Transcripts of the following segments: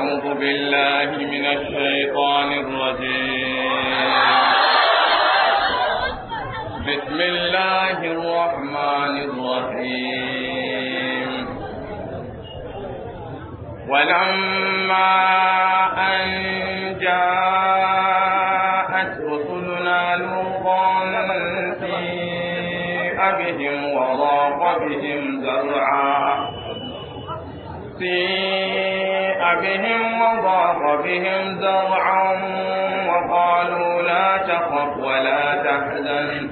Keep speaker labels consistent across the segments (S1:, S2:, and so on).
S1: أعوذ بالله من الشيطان الرجيم بسم الله الرحمن الرحيم ولما أن جاءت رسلنا لوطا في أبهم وضاق بهم ذرعا سيئ بهم وضاق بهم زرعا وقالوا لا تخف ولا تحزن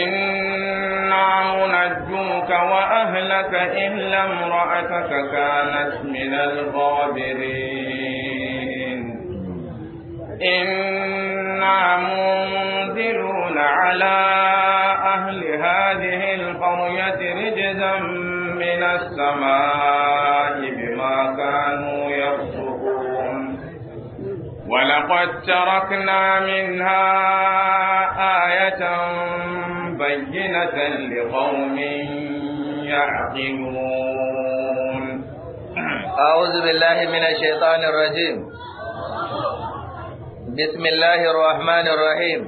S1: إنا منجوك وأهلك إلا امرأتك كانت من الغابرين إنا منذرون على أهل هذه القرية رجزا من السماء ولقد تركنا منها آية بينة لقوم يعقلون
S2: أعوذ بالله من الشيطان الرجيم بسم الله الرحمن الرحيم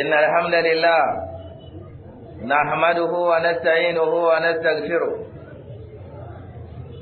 S2: إن الحمد لله نحمده ونستعينه ونستغفره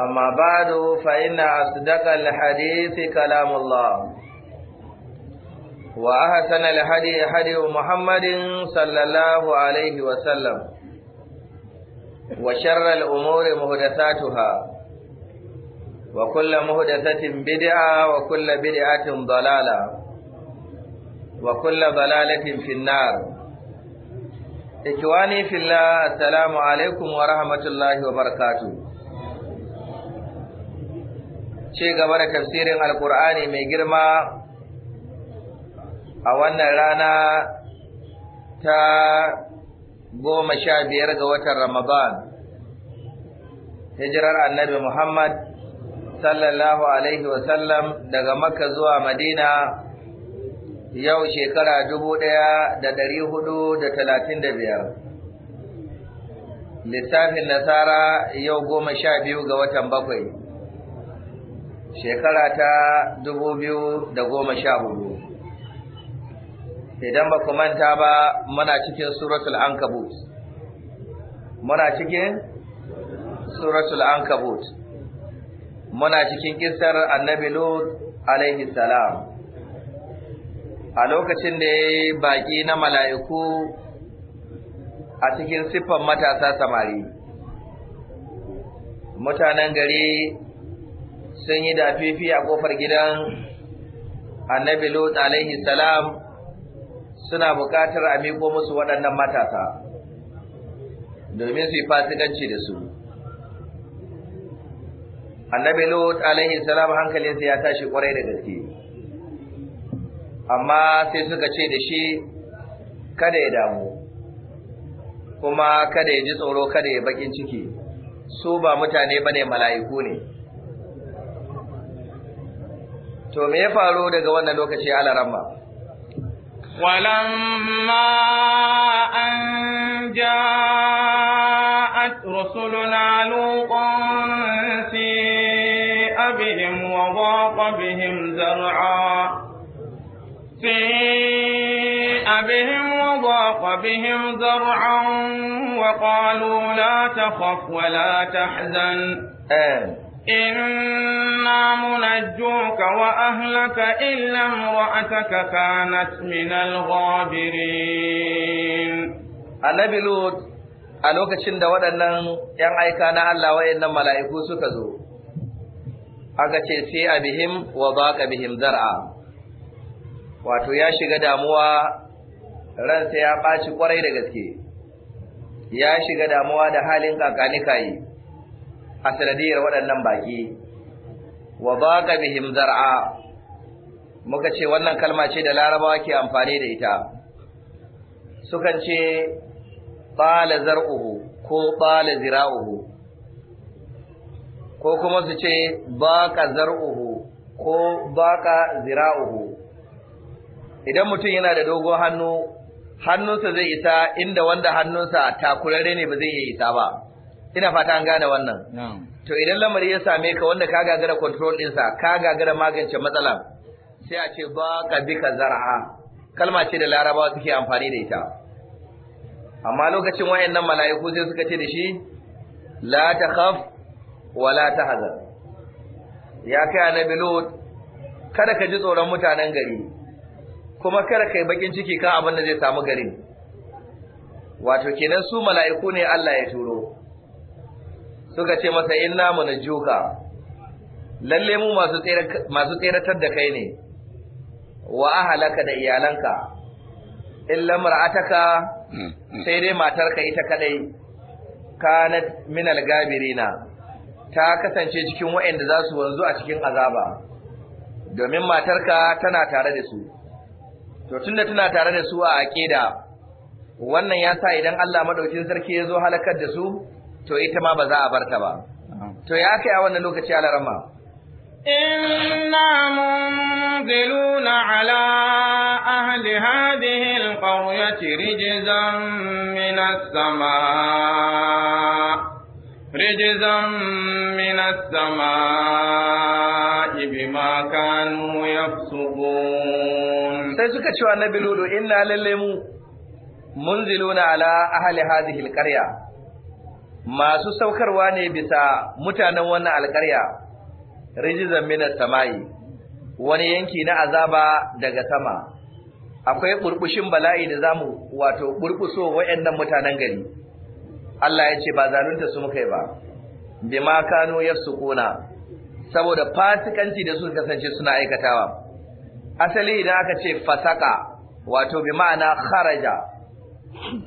S2: أما بعد فإن أصدق الحديث كلام الله وأحسن الحدي حدي محمد صلى الله عليه وسلم وشر الأمور مهدثاتها وكل مهدثة بدعة وكل بدعة ضلالة وكل ضلالة في النار إخواني في الله السلام عليكم ورحمة الله وبركاته ce gaba da tafsirin alkur'ani mai girma a wannan rana ta goma sha biyar ga watan ramadan hijirar annabi muhammad sallallahu alaihi wasallam daga makka zuwa madina yau shekara dubu ɗaya da ɗari hudu da talatin da biyar lissafin nasara yau goma sha biyu ga watan bakwai shekara ta dubu biyu da goma sha hudu idan ba ku manta ba muna cikin suratul ankabut muna cikin suratul ankabut muna cikin kisar annabi lut alaihi salam a lokacin da ya yi baƙi na mala'iku a cikin siffan matasa samari mutanen gari sun yi dafifi a kofar gidan annabi Lut alaihi salam suna bukatar a miko musu waɗannan matasa domin su yi fasikanci da su annabi Lut alaihi salam hankalinsa ya tashi kwarai da gaske amma sai suka ce da shi kada ya damu kuma kada ya ji tsoro kada ya bakin ciki su ba mutane ba ne mala'iku ne To me ya faru daga wannan lokaci a larabba?
S1: Walamma an ja rusuluna lukun si Si abihim wa bihim zar'a wa qalu wa la tahzan. Eh. نجوك وأهلك إلا امرأتك
S2: كانت من الغابرين النبي لوط a lokacin da waɗannan ‘yan aika na Allah waɗannan mala'iku suka zo, aka ce sai a bihim wa ba ka bihim zar'a, wato ya shiga damuwa ransa ya ɓaci ƙwarai da gaske, ya shiga damuwa da halin kakanika yi a sanadiyar waɗannan baki. wa ba ka bihim zar'a muka ce wannan kalma ce da larabawa ke amfani da ita sukan ce tsala zar'uhu ko tsala zira'uhu ko kuma su ce ka zar'uhu ko ka zira'uhu idan mutum yana da dogon hannu hannunsa zai isa inda wanda hannunsa takurare ne ba zai iya isa ba ina fata an gane wannan to idan lamari ya same ka wanda ka gagara control ɗinsa ka gagara magance matsala sai a ce ba ka bi ka zar'a kalma ce da larabawa suke amfani da ita amma lokacin wayannan mala'iku sai suka ce da shi la ta khaf wa la ta hazar ya kai annabi lut kada ka ji tsoron mutanen gari kuma kada kai bakin ciki kan abin da zai samu garin wato kenan su mala'iku ne Allah ya turo suka ce masa inna juka lalle mu masu tseratar da kai ne wa halaka da iyalanka illa ka hmm, hmm. sai dai matarka ita kadai kanat min al na? ta kasance cikin waɗanda za su wanzu a cikin azaba domin matarka tana tare da su to tunda tana tare da su a aqida wannan ya sa idan Allah madaukin sarki ya zo halakar da su to ita ma ba za a barta ba to ya kai a wannan lokaci a larama
S1: inna munziluna ala ahli hadhihi alqaryati rijzan min as-samaa رجزا من السماء بما كانوا يفسقون
S2: sai suka cewa na biludu inna lalle mu munziluna ala ahli hadhihi alqarya masu saukarwa ne bisa mutanen wannan alƙarya rijizan minas samai wani yanki na azaba daga sama akwai burbushin bala'i da zamu wato burbuso wayannan mutanen gari Allah ya ce ba zalunta su muka yi ba bima kanu yasukuna saboda fasikanci da suka kasance suna aikatawa asali idan aka ce fasaka wato bi ma'ana kharaja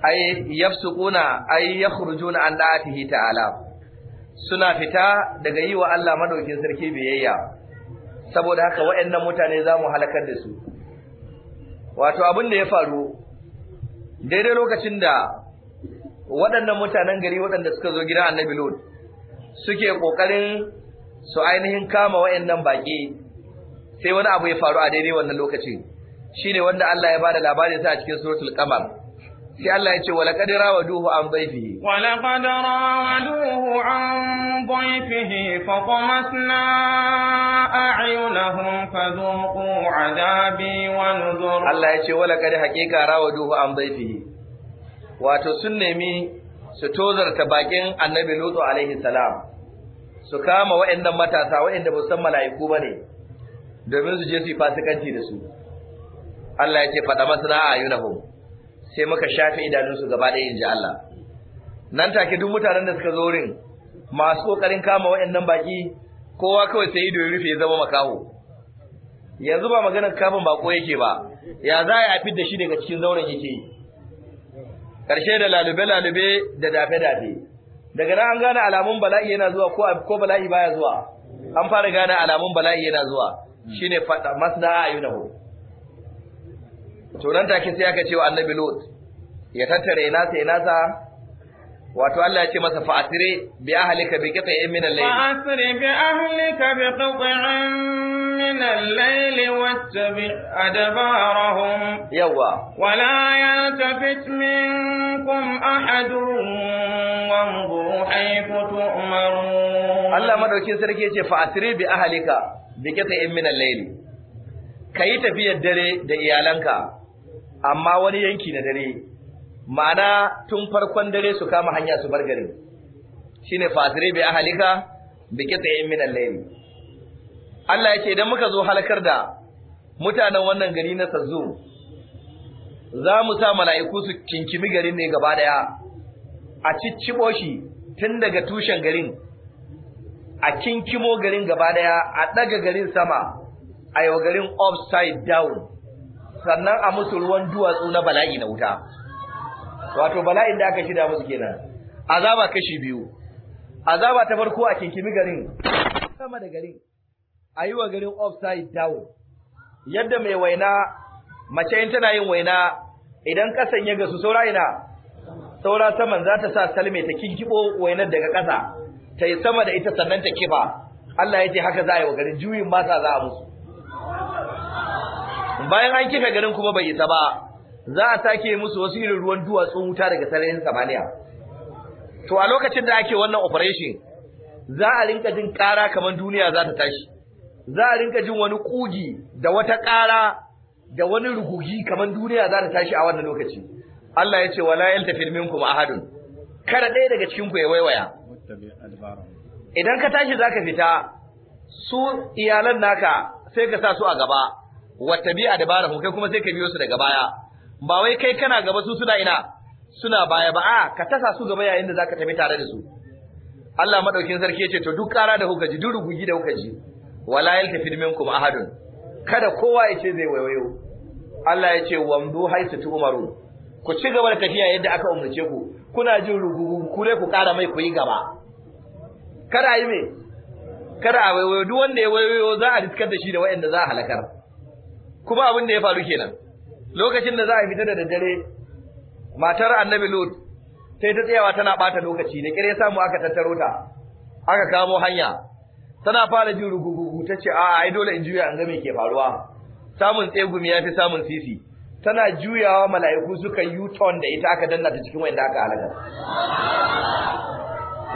S2: ai yafsukuna ai yakhrujuna an da'atihi ta'ala suna fita daga yi wa Allah madaukin sarki biyayya saboda haka waɗannan mutane za mu halakar da su wato abin da ya faru daidai lokacin da waɗannan mutanen gari waɗanda suka zo gidan annabi lod suke ƙoƙarin su ainihin kama waɗannan baƙi sai wani abu ya faru a daidai wannan lokacin shine wanda Allah ya bada labarin sa a cikin suratul qamar sai Allah ya ce wala wa rawaduhu an dhayfihi wala qad rawaduhu an dhayfihi fa
S1: qamasna a'yunahum dhuqu adabi
S2: wa nuzur Allah ya ce wala qad haqiqa rawaduhu an dhayfihi wato sun nemi su tozarta bakin annabi lutu alaihi salam su kama waɗannan matasa waɗanda ba san mala'iku bane domin su je su yi fasikanci da su Allah ya ce fada a a'yunahum sai muka shafe idanunsu gaba ɗaya in ji Allah nan take duk mutanen da suka zo wurin masu kokarin kama waɗannan baki kowa kawai sai ido ya rufe ya zama makaho yanzu ba maganar kafin bako yake ba ya za a fi da shi daga cikin zauren yake Karshe da lalube-lalube da dafe-dafe daga nan an gane alamun bala'i yana zuwa ko bala'i baya zuwa an fara gane alamun bala'i yana zuwa shine fada masna ayyunahu to nan take sai aka ce wa annabi lut ya tattare na sai ina wato Allah ya ce masa fa asire bi ahlika bi qita'in min al-layl fa
S1: asire bi ahlika bi qita'in min al-layl wattabi adbarahum yawa wala yaltafit minkum
S2: ahadun wanzur haythu tu'marun Allah madaukin sarki ya ce fa asire bi ahlika bi qita'in min al-layl kai tafiyar dare da iyalanka amma wani yanki na dare ma'ana tun farkon dare su kama hanya su bar garin shine fasire bi ahalika bi qita'in min al-layl Allah yake idan muka zo halakar da mutanen wannan gari na sazu za mu sa mala'iku su kinkimi garin ne gaba daya a ciccibo shi tun daga tushen garin a kinkimo garin gaba daya a ɗaga garin sama a yau garin upside down sannan a musu ruwan duwatsu na bala'i na wuta wato bala'in da aka shida musu kenan azaba kashi biyu azaba ta farko a kinkimi garin sama da garin a yi wa garin offside down yadda mai waina mace in tana yin waina idan kasan ya gasu saura ina saura saman za ta sa salme ta kinkibo wainar daga kasa ta yi sama da ita sannan ta kifa Allah ya ce haka za a yi wa garin juyin masa za a musu bayan an kife garin kuma bai isa ba za a sake musu wasu irin ruwan duwatsun wuta daga sararin samaniya to a lokacin da ake wannan operation za a rinka jin ƙara kamar duniya za ta tashi za a rinka jin wani kugi da wata ƙara da wani rugugi kamar duniya za ta tashi a wannan lokaci Allah ya ce wala yaltafil minkum ahadun kada ɗaya daga cikin ku ya waiwaya idan ka tashi zaka fita su iyalan naka sai ka sa su a gaba Wata da bara kai kuma sai ka biyo su daga baya ba wai kai kana gaba su suna ina suna baya ba a ka tasa su gaba yayin da zaka tafi tare da su Allah madaukin sarki yace to duk kara da kuka ji duk rugugi da kuka ji wala yaltafid minkum ahadun kada kowa yace zai wayoyo Allah yace wamdu haitu tumaru ku ci gaba da tafiya yadda aka umurce ku kuna jin rugugu ku dai ku kara mai ku yi gaba kada yi me kada a wayoyo duk wanda ya wayoyo za a riskar da shi da waɗanda za a halakar kuma abin da ya faru kenan lokacin da za a fita da daddare matar annabi lut sai ta tsayawa tana bata lokaci ne kire samu aka tattaro ta aka kamo hanya tana fara jin rugugugu ta ce a ai dole in juya in ga me ke faruwa samun tsegumi ya fi samun sisi tana juyawa mala'iku suka yi turn da ita aka danna ta cikin wanda aka halaka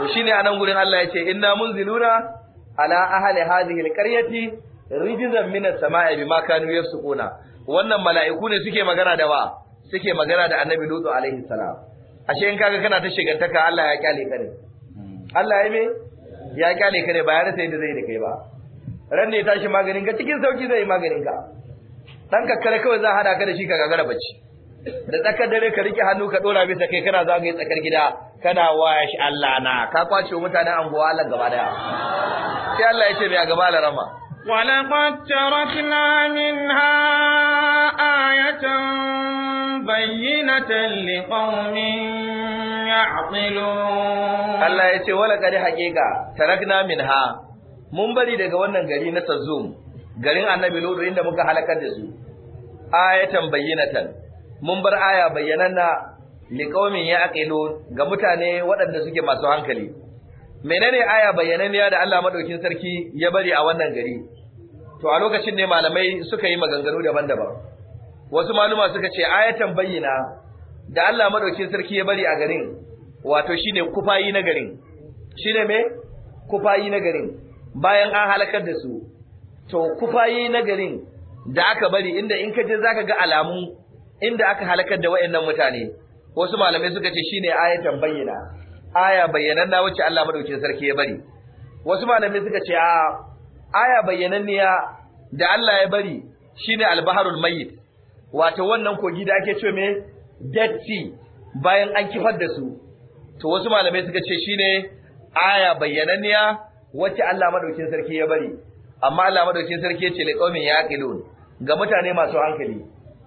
S2: to shine anan gurin Allah ya ce inna munziluna ala ahli hadhihi alqaryati rijizan minas sama'i bima kanu yasquna wannan mala'iku ne suke magana da wa suke magana da annabi lutu alaihi salam ashe in kaga kana ta shigantaka Allah ya kyale ka ne Allah ya me ya kyale ka ne ba ya sai da zai da kai ba ran ne tashi maganin ka cikin sauki zai yi maganin ka dan kare kawai za hada ka da shi ka gagara bacci da tsakar dare ka rike hannu ka dora bisa kai kana zagaye tsakar gida kana shi Allah na ka kwace mutanen anguwa Allah gaba daya sai Allah ya ce mai a gaba rama
S1: ولقد تركنا منها آية بينة لقوم
S2: يعقلون الله يتي ولقد حقيقة تركنا منها mun bari daga wannan gari na Tazum garin Annabi Lutu da muka halakar da su ayatan bayyinatan mun bar aya bayyananna liqaumin ya'qilun ga mutane waɗanda suke masu hankali menene aya bayyananniya da Allah madaukin sarki ya bari a wannan gari to a lokacin ne malamai suka yi maganganu daban-daban wasu maluma suka ce ayatan bayyana da Allah madaukin sarki ya bari a garin wato shine kufayi na garin shine me kufayi na garin bayan an halakar da su to kufayi na garin da aka bari inda in ka je zaka ga alamu inda aka halakar da wayannan mutane wasu malamai suka ce shine ayatan bayyana aya bayyananna wacce Allah madaukakin sarki ya bari wasu malamai suka ce a aya bayyananniya da Allah ya bari shine al-baharul mayyit wato wannan kogi da ake cewa me dead sea bayan an kifar da su to wasu malamai suka ce shine aya bayyananniya wacce Allah madaukakin sarki ya bari amma Allah madaukakin sarki ya ce liqaumin yaqilun ga mutane masu hankali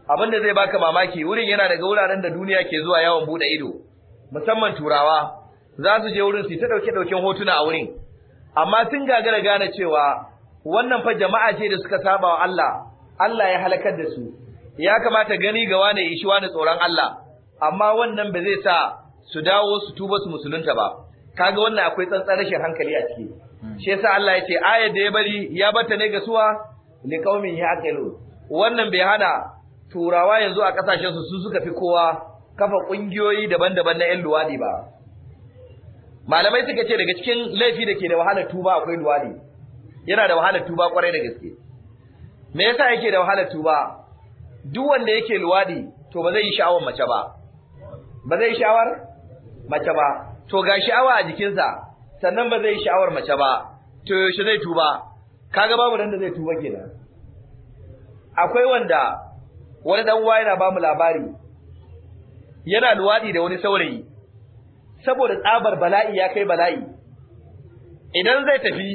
S2: abinda zai baka mamaki wurin yana daga wuraren da duniya ke zuwa yawon bude ido musamman turawa za su je wurin su ta dauke daukin hotuna a wurin amma sun gagara gane cewa wannan fa jama'a ce da suka saba wa Allah Allah ya halakar da su ya kamata gani ga wane shi wani tsoron Allah amma wannan ba zai sa su dawo su tuba su musulunta ba kaga wannan akwai tsantsan rashin hankali a ciki hmm. shi yasa Allah ya ce ayar da ya bari ya bata ne ga suwa liqaumin yaqilu wannan bai hana turawa yanzu a kasashen su su suka fi kowa kafa kungiyoyi daban-daban na 'yan luwadi ba malamai suka ce daga cikin laifi da ke da wahalar tuba akwai luwadi yana da wahalar tuba kwarai da gaske me yasa yake da wahalar tuba duk wanda yake luwadi to ba zai yi sha'awar mace ba ba zai yi sha'awar mace ba to ga sha'awa a jikinsa sannan ba zai yi sha'awar mace ba to yaushe zai tuba kaga babu nan da zai tuba kenan akwai wanda wani dan uwa yana ba mu labari yana luwadi da wani saurayi saboda tsabar bala'i ya kai bala'i idan zai tafi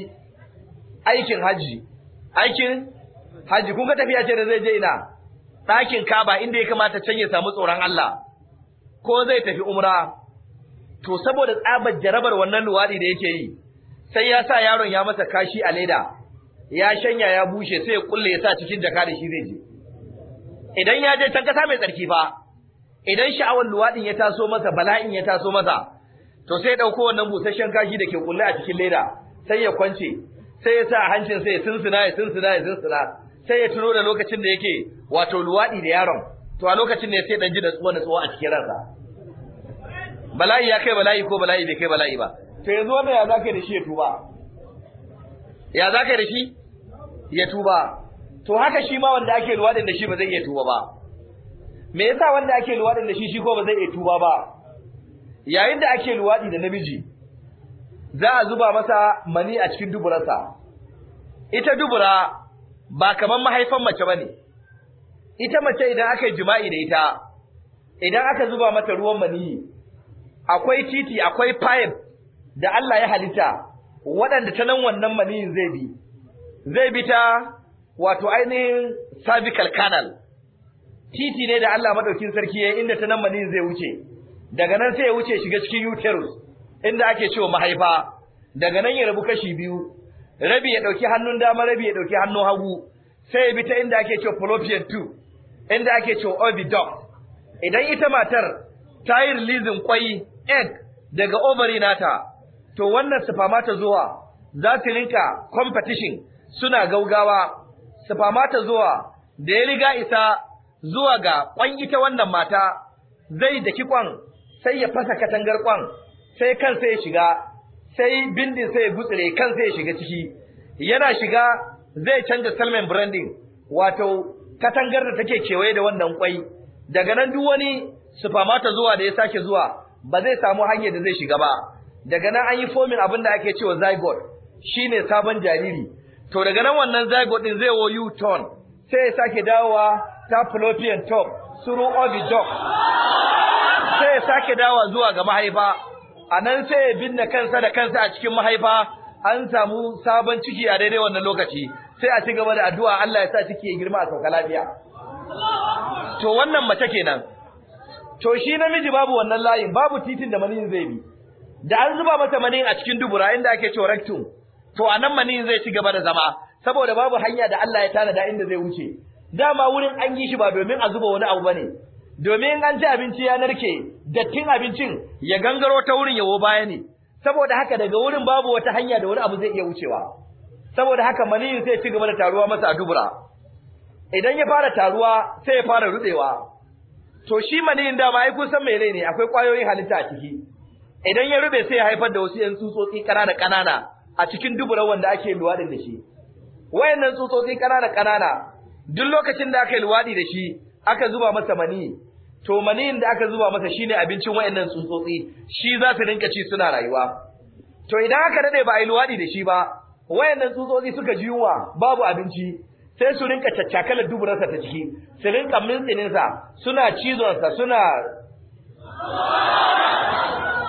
S2: aikin haji aikin hajji kun ga tafiya ce da zai je ina ɗakin kaba inda ya kamata can ya samu tsoron Allah ko zai tafi umra to saboda tsabar jarabar wannan luwadi da yake yi sai ya sa yaron ya masa kashi a leda ya shanya ya bushe sai ya kulle ya sa cikin jaka da shi zai je idan ya je can kasa mai tsarki fa idan sha'awar luwadin ya taso masa bala'in ya taso masa to sai dauko wannan busasshen kashi da ke kulle a cikin leda sai ya kwance sai ya sa hancin sai ya tunsuna ya tunsuna ya tunsuna sai ya tuno da lokacin da yake wato luwadi da yaron to a lokacin ne sai dan ji da tsuwa da tsuwa a cikin ransa bala'i ya kai bala'i ko bala'i bai kai bala'i ba to yanzu wannan ya zaka da shi ya tuba ya zaka da shi ya tuba to haka shi ma wanda ake luwadin da shi ba zai iya tuba ba me yasa wanda ake luwadin da shi shi ko ba zai iya tuba ba yayin da ake luwadi da namiji za a zuba masa mani a cikin duburarsa ita dubura ba kamar mahaifan mace bane ita mace idan aka yi jima'i da ita idan aka zuba mata ruwan mani akwai titi akwai pipe da Allah ya halitta waɗanda ta nan wannan maniyin zai bi zai bi ta wato ainihin cervical canal titi ne da Allah madaukin sarki ya inda ta nan maniyin zai wuce daga nan sai ya wuce shiga cikin uterus inda ake cewa mahaifa daga nan ya rabu kashi biyu rabi ya dauki hannun dama rabi ya dauki hannun hagu sai ya bi ta inda ake cewa fallopian tube inda ake cewa oviduct idan ita matar ta yi releasing kwai egg daga ovary nata to wannan spermata zuwa za su rinka competition suna gaugawa spermata zuwa da ya riga isa zuwa ga kwan ita wannan mata zai daki kwan sai ya fasa katangar kwan sai kansa sai ya shiga sai bindin sai ya gutsire kan sai ya shiga ciki yana shiga zai canja salmon branding wato katangar da take kewaye da wannan kwai daga nan duk wani supermata zuwa da ya sake zuwa ba zai samu hanyar da zai shiga ba daga nan an yi fomin abin da ake cewa zygote shine sabon jariri to daga nan wannan zygote din zai wo u-turn sai ya sake dawowa ta fallopian top through obi the sai ya sake dawa zuwa ga mahaifa a nan sai ya binne kansa da kansa a cikin mahaifa an samu sabon ciki a daidai wannan lokaci sai a ci gaba da addu'a Allah ya sa ciki ya girma a sauka lafiya to wannan mace kenan to shi namiji babu wannan layin babu titin da manin zai bi da an zuba masa manin a cikin dubura inda ake cewa rectum to anan manin zai ci gaba da zama saboda babu hanya da Allah ya tanada inda zai wuce dama wurin an yi shi ba domin a zuba wani abu bane domin an ci abinci ya narke dattin abincin ya gangaro ta wurin yawo baya ne saboda haka daga wurin babu wata hanya da wani abu zai iya wucewa saboda haka maniyin sai ci gaba da taruwa masa a dubura idan ya fara taruwa sai ya fara rutsewa to shi maniyin dama ai kun san mene ne akwai kwayoyin halitta a ciki idan ya rube sai ya haifar da wasu yan tsutsotsi kanana kanana a cikin dubura wanda ake luwaɗin da shi wayannan tsutsotsi kanana kanana duk lokacin da aka yi luwaɗi da shi aka zuba masa mani to maniyin da aka zuba masa shine abincin wayannan tsutsotsi shi za su rinka ci suna rayuwa to idan aka dade ba a yi luwaɗi da shi ba wayannan tsutsotsi suka ji yunwa babu abinci sai su rinka caccakalar duburarsa ta ciki su rinka mintsininsa suna cizonsa suna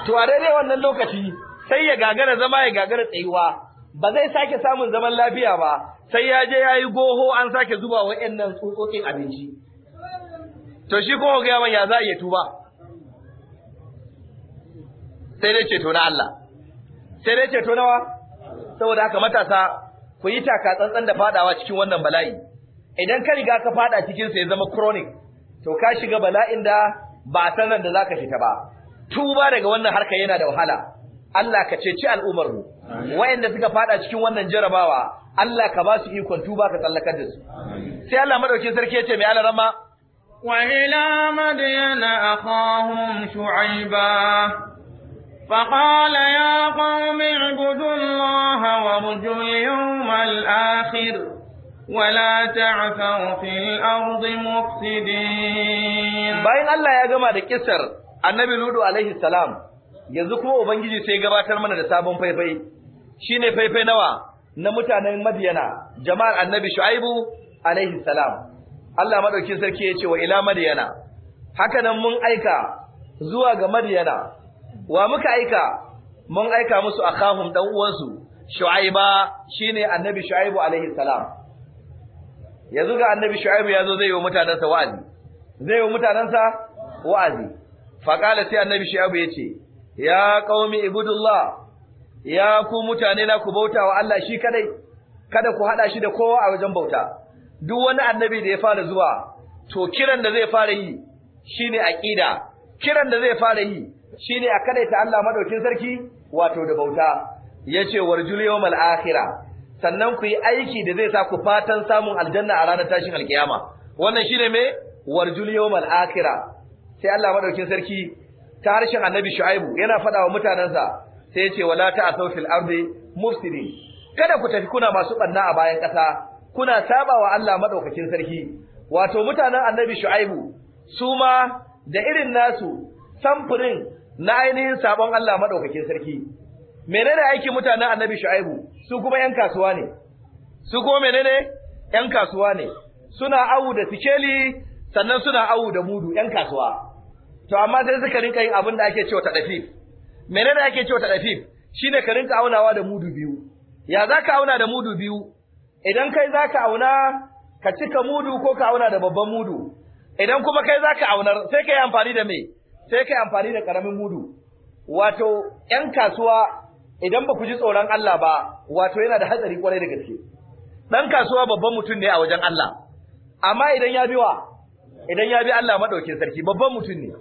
S2: to a daidai wannan lokaci sai ya gagara zama ya gagara tsayuwa ba zai sake samun zaman lafiya ba sai ya je yayi goho an sake zuba wa nan tsotsotsin abinci to shi kuma ga man ya za iya tuba sai dai ceto na Allah sai dai ceto nawa saboda haka matasa ku yi taka tsantsan da fadawa cikin wannan bala'i idan ka riga ka fada cikin sa ya zama chronic to ka shiga bala'in da ba sanan da zaka fita ba tuba daga wannan harka yana da wahala Allah ka ceci al'ummar mu wayanda suka fada cikin wannan jarabawa Allah ka ba su ikon tuba ka tsallakar da su sai Allah madaukin sarki ya mai alarama wa ila madyana akhahum shu'aiba
S1: فقال يا قوم اعبدوا الله وارجوا اليوم الآخر ولا تعثوا في الأرض
S2: Bayan Allah ya gama da كسر النبي لودو عليه السلام yanzu kuma ubangiji sai gabatar mana da sabon faifai Shi ne faifai nawa na mutanen Madiyana jama'ar Annabi Shu'aibu alaihi salam Allah maɗauki sarki ya ce wa ila Madiyana haka nan mun aika zuwa ga Madiyana wa muka aika mun aika musu a ɗan uwansu Shu'aiba shi ne Annabi Shu'aibu alaihi salam yanzu ga Annabi Shu'aibu yazo zai yi wa mutanensa wa'azi zai yi wa mutanensa wa'azi faqala sai Annabi Shu'aibu ce ya ƙaumi ibudullah ya ku mutane na ku bauta wa Allah shi kadai kada ku hada shi da kowa a wajen bauta duk wani annabi da ya fara zuwa to kiran da zai fara yi shine aqida kiran da zai fara yi shine a kadai ta Allah madaukin sarki wato da bauta yace warjul yawmal akhirah sannan ku yi aiki da zai sa ku fatan samun aljanna a ranar tashin alkiyama wannan shine me warjul yawmal akhirah sai Allah madaukin sarki ta harshen annabi shu'aibu yana faɗawa wa mutanansa sai ce wala asau fil ardi mufsidi kada ku tafi kuna masu banna a bayan ƙasa kuna sabawa Allah madaukakin sarki wato mutanen annabi shu'aibu su ma da irin nasu samfurin na ainihin sabon Allah madaukakin sarki menene aikin mutanen annabi shu'aibu su kuma yan kasuwa ne su kuma menene yan kasuwa ne suna awu da sikeli sannan suna awu da mudu yan kasuwa to amma sai suka rinka yin abin da ake cewa tadafi menene ake cewa tadafif shine ka rinka aunawa da mudu biyu ya zaka auna da mudu biyu idan kai zaka auna ka cika mudu ko ka auna da babban mudu idan kuma kai zaka aunar sai kai amfani da me sai kai amfani da karamin mudu wato 'yan kasuwa idan ba ku ji tsoron Allah ba wato yana da hatsari kwarai da gaske dan kasuwa babban mutum ne a wajen Allah amma idan ya biwa idan ya bi Allah madaukin sarki babban mutum ne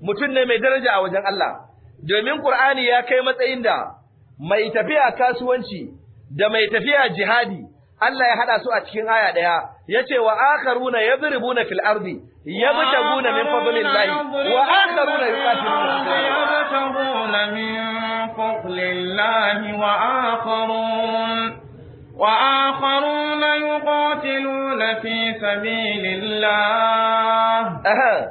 S2: mutum ne mai daraja a wajen Allah domin Qur'ani ya kai matsayin da mai tafiya kasuwanci da mai tafiya jihadi Allah ya hada su a cikin aya daya yace wa akharuna yadribuna fil ardi yabtaguna min fadlillahi wa akharuna yuqatiluna
S1: min fadlillahi wa akharuna وآخرون يقاتلون في سبيل الله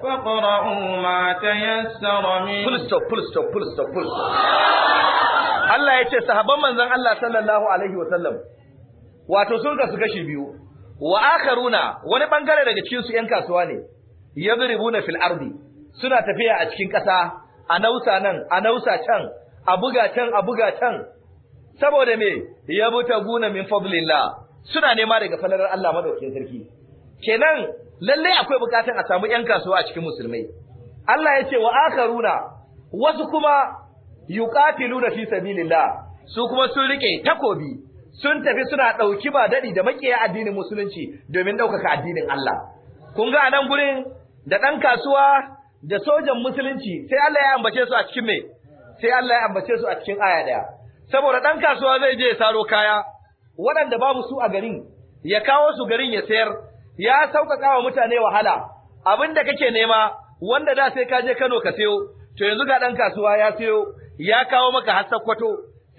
S2: فقرأوا ما تيسر منه فل ستوب فل stop! فل stop! فل stop! Allah ya ce sahabban manzon Allah sallallahu alaihi wa sallam wato sun kasu kashi biyu wa akharuna wani bangare daga cikin su yan kasuwa ne yadribuna fil ardi suna tafiya a cikin ƙasa a nausa nan a nausa can a buga can a buga can saboda me ya guna min fadlillah suna nema daga falalar Allah madaukin sarki kenan lallai akwai bukatun a samu yan kasuwa a cikin musulmai Allah ya ce wa akharuna wasu kuma yuqatiluna fi sabilillah su kuma sun rike takobi sun tafi suna dauki ba dadi da makiya addinin musulunci domin daukaka addinin Allah kun ga anan gurin da dan kasuwa da sojan musulunci sai Allah ya ambace su a cikin me sai Allah ya ambace su a cikin aya daya saboda ɗan kasuwa zai je ya saro kaya waɗanda babu su a garin ya kawo su garin ya sayar ya sauƙaƙa wa mutane wahala abin da kake nema wanda da sai ka je Kano ka sayo to yanzu ga ɗan kasuwa ya sayo ya kawo maka har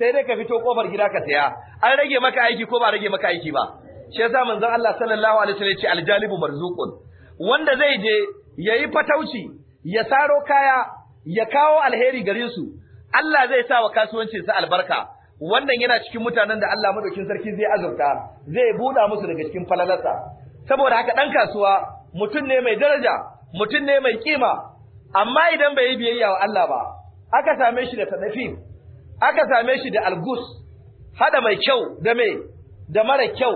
S2: sai dai ka fito kofar gida ka saya an rage maka aiki ko ba rage maka aiki ba shi yasa manzon Allah sallallahu alaihi wasallam ya ce aljalibu marzuqun wanda zai je yayi fatauci ya saro kaya ya kawo alheri garin su Allah zai sa wa kasuwancin sa albarka wannan yana cikin mutanen da Allah madaukin sarki zai azurta zai buɗa musu daga cikin falalarsa saboda haka dan kasuwa mutum ne mai daraja mutum ne mai kima amma idan bai yi biyayya wa Allah ba aka same shi da tadafi aka same shi da algus hada mai kyau da mai da mara kyau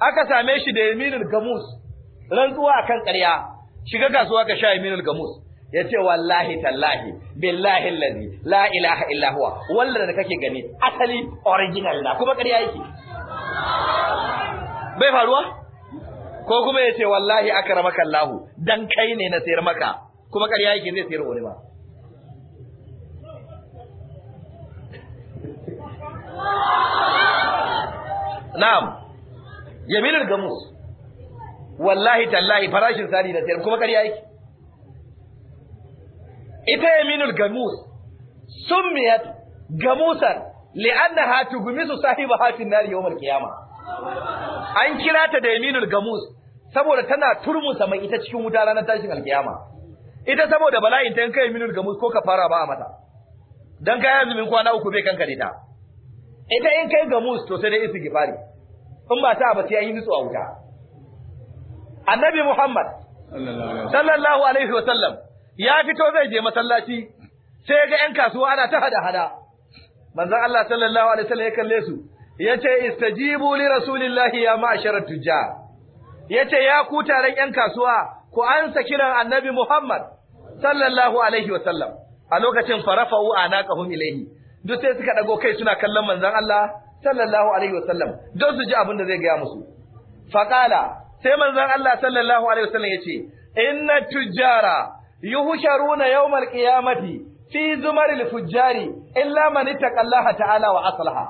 S2: aka same shi da yaminul gamus rantsuwa akan ƙarya shiga kasuwa ka sha yaminul gamus yace wallahi tallahi billahi allazi la ilaha illa Wanda wallahi da kake gani asali original na kuma ƙarya yake bai faruwa ko kuma yace wallahi aka akramaka Allahu dan kai ne na sayar maka kuma ƙarya yake zai sayar wani ba na'am yaminul gamus wallahi tallahi farashin sari na sayar kuma ƙarya yake ita yaminul gamus summiyat gamusan li'annaha tugmisu sahibaha fi nar yawm al kiyama an kira ta da yaminul gamus saboda tana turmusa mai ita cikin wuta ranar tashin alkiyama ita saboda bala'in ta kai yaminul gamus ko ka fara ba a mata dan kai azumin kwana uku bai kanka ta ita in kai gamus to sai dai istighfari in ba ta ba sai yi nutsu a wuta annabi muhammad sallallahu alaihi wasallam ya fito zai je masallaci sai ga ƴan kasuwa ana ta hada hada manzon Allah sallallahu alaihi wasallam ya kalle su yace istajibu li rasulillahi ya tujja? Ya yace ya ku taron ƴan kasuwa ku ansa kiran annabi Muhammad sallallahu alaihi wasallam a lokacin farafa'u anaqahum ilayhi duk sai suka dago kai suna kallon manzon Allah sallallahu alaihi wasallam don su ji abin da zai gaya musu faqala sai manzon Allah sallallahu alaihi wasallam yace inna tujjara yuhsharuna yawmal qiyamati fi zumaril fujjari illa man ittaqallaha ta'ala wa aslaha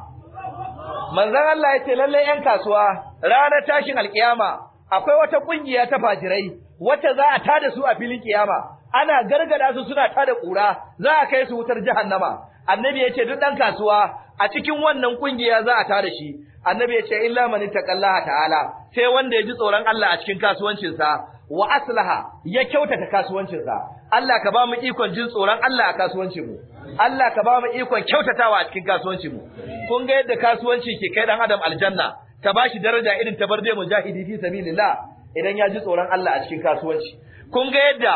S2: manzan Allah yace lalle yan kasuwa ranar tashin alkiyama akwai wata kungiya ta fajirai wacce za a tada su a filin kiyama ana gargada su suna tada kura za a kai su wutar jahannama annabi yace duk dan kasuwa a cikin wannan kungiya za a tada shi annabi yace illa man ittaqallaha ta'ala sai wanda ya ji tsoron Allah a cikin kasuwancin wa aslaha ya kyautata kasuwancinsa Allah ka ba mu ikon jin tsoron Allah a kasuwancin mu Allah ka ba mu ikon kyautatawa a cikin kasuwancin mu kun ga yadda kasuwanci ke kai dan adam aljanna ta ba shi daraja irin ta barde mujahidi fi sabilillah idan ya ji tsoron Allah a cikin kasuwanci kun ga yadda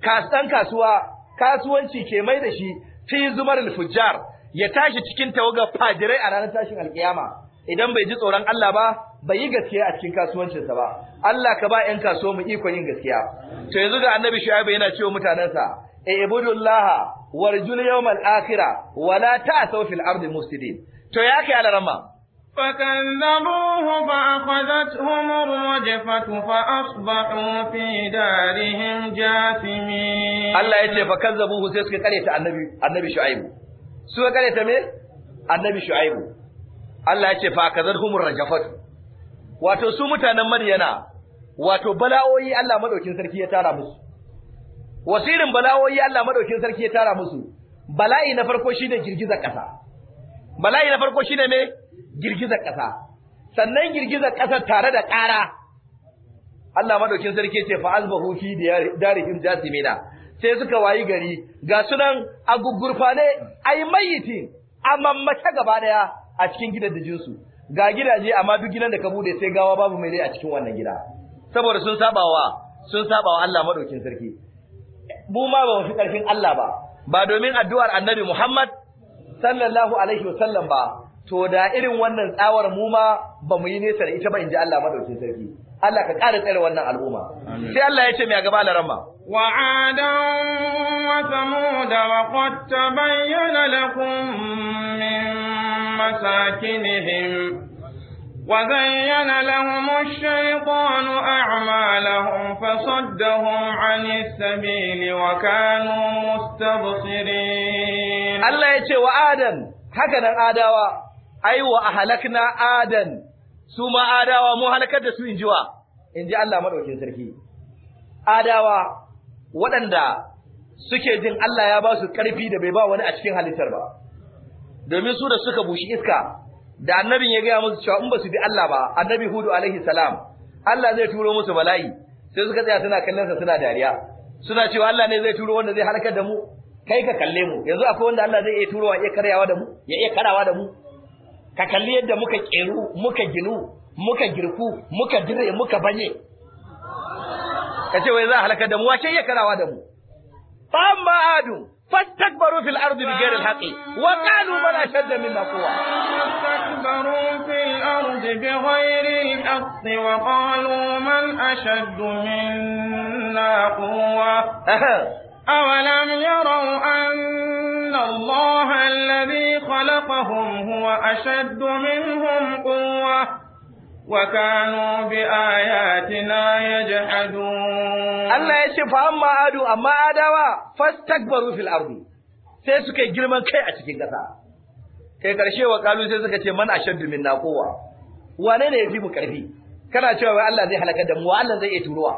S2: kasan kasuwa kasuwanci ke mai da shi fi zumarul fujjar ya tashi cikin tawaga fajirai a ranar tashin alkiyama idan bai ji tsoron Allah ba bai yi gaskiya a cikin kasuwancinsa ba Allah ka ba ƴan kasuwa mu ikon yin gaskiya to yanzu ga annabi shu'aibu yana cewa mutanansa e ibudullaha warjul yawmal akhirah wala ta'saw fil ardi mufsidin to ya kai alarama
S1: فكذبوه فأخذتهم الرجفة فأصبحوا في
S2: دارهم جاثمين الله يتي فكذبوه سيسك قرية النبي النبي شعيب سوى قرية مين النبي شعيب الله يتي فأخذتهم الرجفة wato su mutanen Madiyana wato bala'o'i Allah madaukin sarki ya tara musu wasirin bala'o'i Allah madaukin sarki ya tara musu bala'i na farko shine girgizar ƙasa bala'i na farko shine me girgizar ƙasa sannan girgizar ƙasa tare da ƙara Allah madaukin sarki ce fa azbahu fi darihim jasimina sai suka wayi gari ga sunan agugurfane ai mayyitin amma mace gaba daya a cikin gidan da jinsu ga gidaje amma duk gidan da ka bude sai gawa babu mai rai a cikin wannan gida saboda sun sabawa sun sabawa Allah madaukin sarki mu ma ba mu fi karfin Allah ba ba domin addu'ar Annabi Muhammad sallallahu alaihi wasallam ba to da irin wannan tsawar mu ma ba mu yi nesa da ita ba inji Allah madaukin sarki Allah ka ƙara tsere wannan al'umma. Sai Allah ya ce mai gaba larama.
S1: Wa adan wa samuda wa qatta bayyana lakum min masakinihim wa zayyana lahum ash-shaytanu a'malahum fa saddahum 'ani as-sabili wa kanu mustabsirin
S2: Allah ya ce wa adan haka nan adawa ai wa ahlakna adan su ma adawa mu halakar da su in jiwa in ji Allah madaukin sarki adawa waɗanda suke jin Allah ya ba su ƙarfi da bai ba wani a cikin halittar ba domin su da suka bushi iska da annabin ya gaya musu cewa in ba su bi Allah ba annabi Hudu alaihi salam Allah zai turo musu bala'i sai suka tsaya suna kallon sa suna dariya suna cewa Allah ne zai turo wanda zai halakar da mu kai ka kalle mu yanzu akwai wanda Allah zai iya turowa iya karyawa da mu ya iya karawa da mu ka kalli yadda muka ƙeru muka ginu muka girku muka dire muka banye ka ce wai za a halaka da mu wace iya karawa da mu fa amma adu fastakbaru fil ardi bi ghairi alhaqi wa qalu man ashadda minna quwwa fastakbaru fil ardi
S1: bi ghairi alhaqi wa qalu man ashadda minna quwwa awalam yarau an أن ya ce خلقهم هو أشد منهم قوة
S2: وكانوا بآياتنا يجحدون الله sai suka yi girman kai a cikin ƙasa kai ƙarshe wa sai suka ce man ashaddu minna quwwa wane ne yafi mu ƙarfi kana cewa wai Allah zai halaka da mu wa Allah zai iya turowa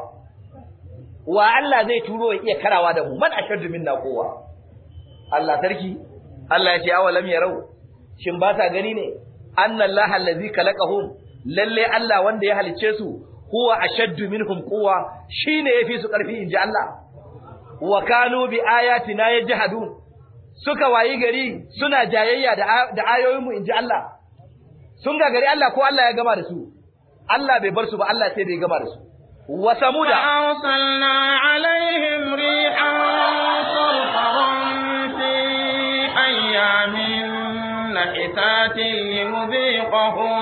S2: wa Allah zai turo ya iya karawa da mu man ashaddu minna quwwa Allah sarki Allah ya ce awalam yarau shin ba ta gani ne annallaha allazi khalaqahum lalle Allah wanda ya halice su huwa ashaddu minhum quwwa shine yafi su karfi inji Allah wa kanu bi ayatina yajhadun suka wayi gari suna jayayya da ayoyin mu inji Allah sun ga gari Allah ko Allah ya gama da su Allah bai bar su ba Allah sai da ya gama da su wa samuda arsalna alaihim rihan
S1: بآيات لنذيقهم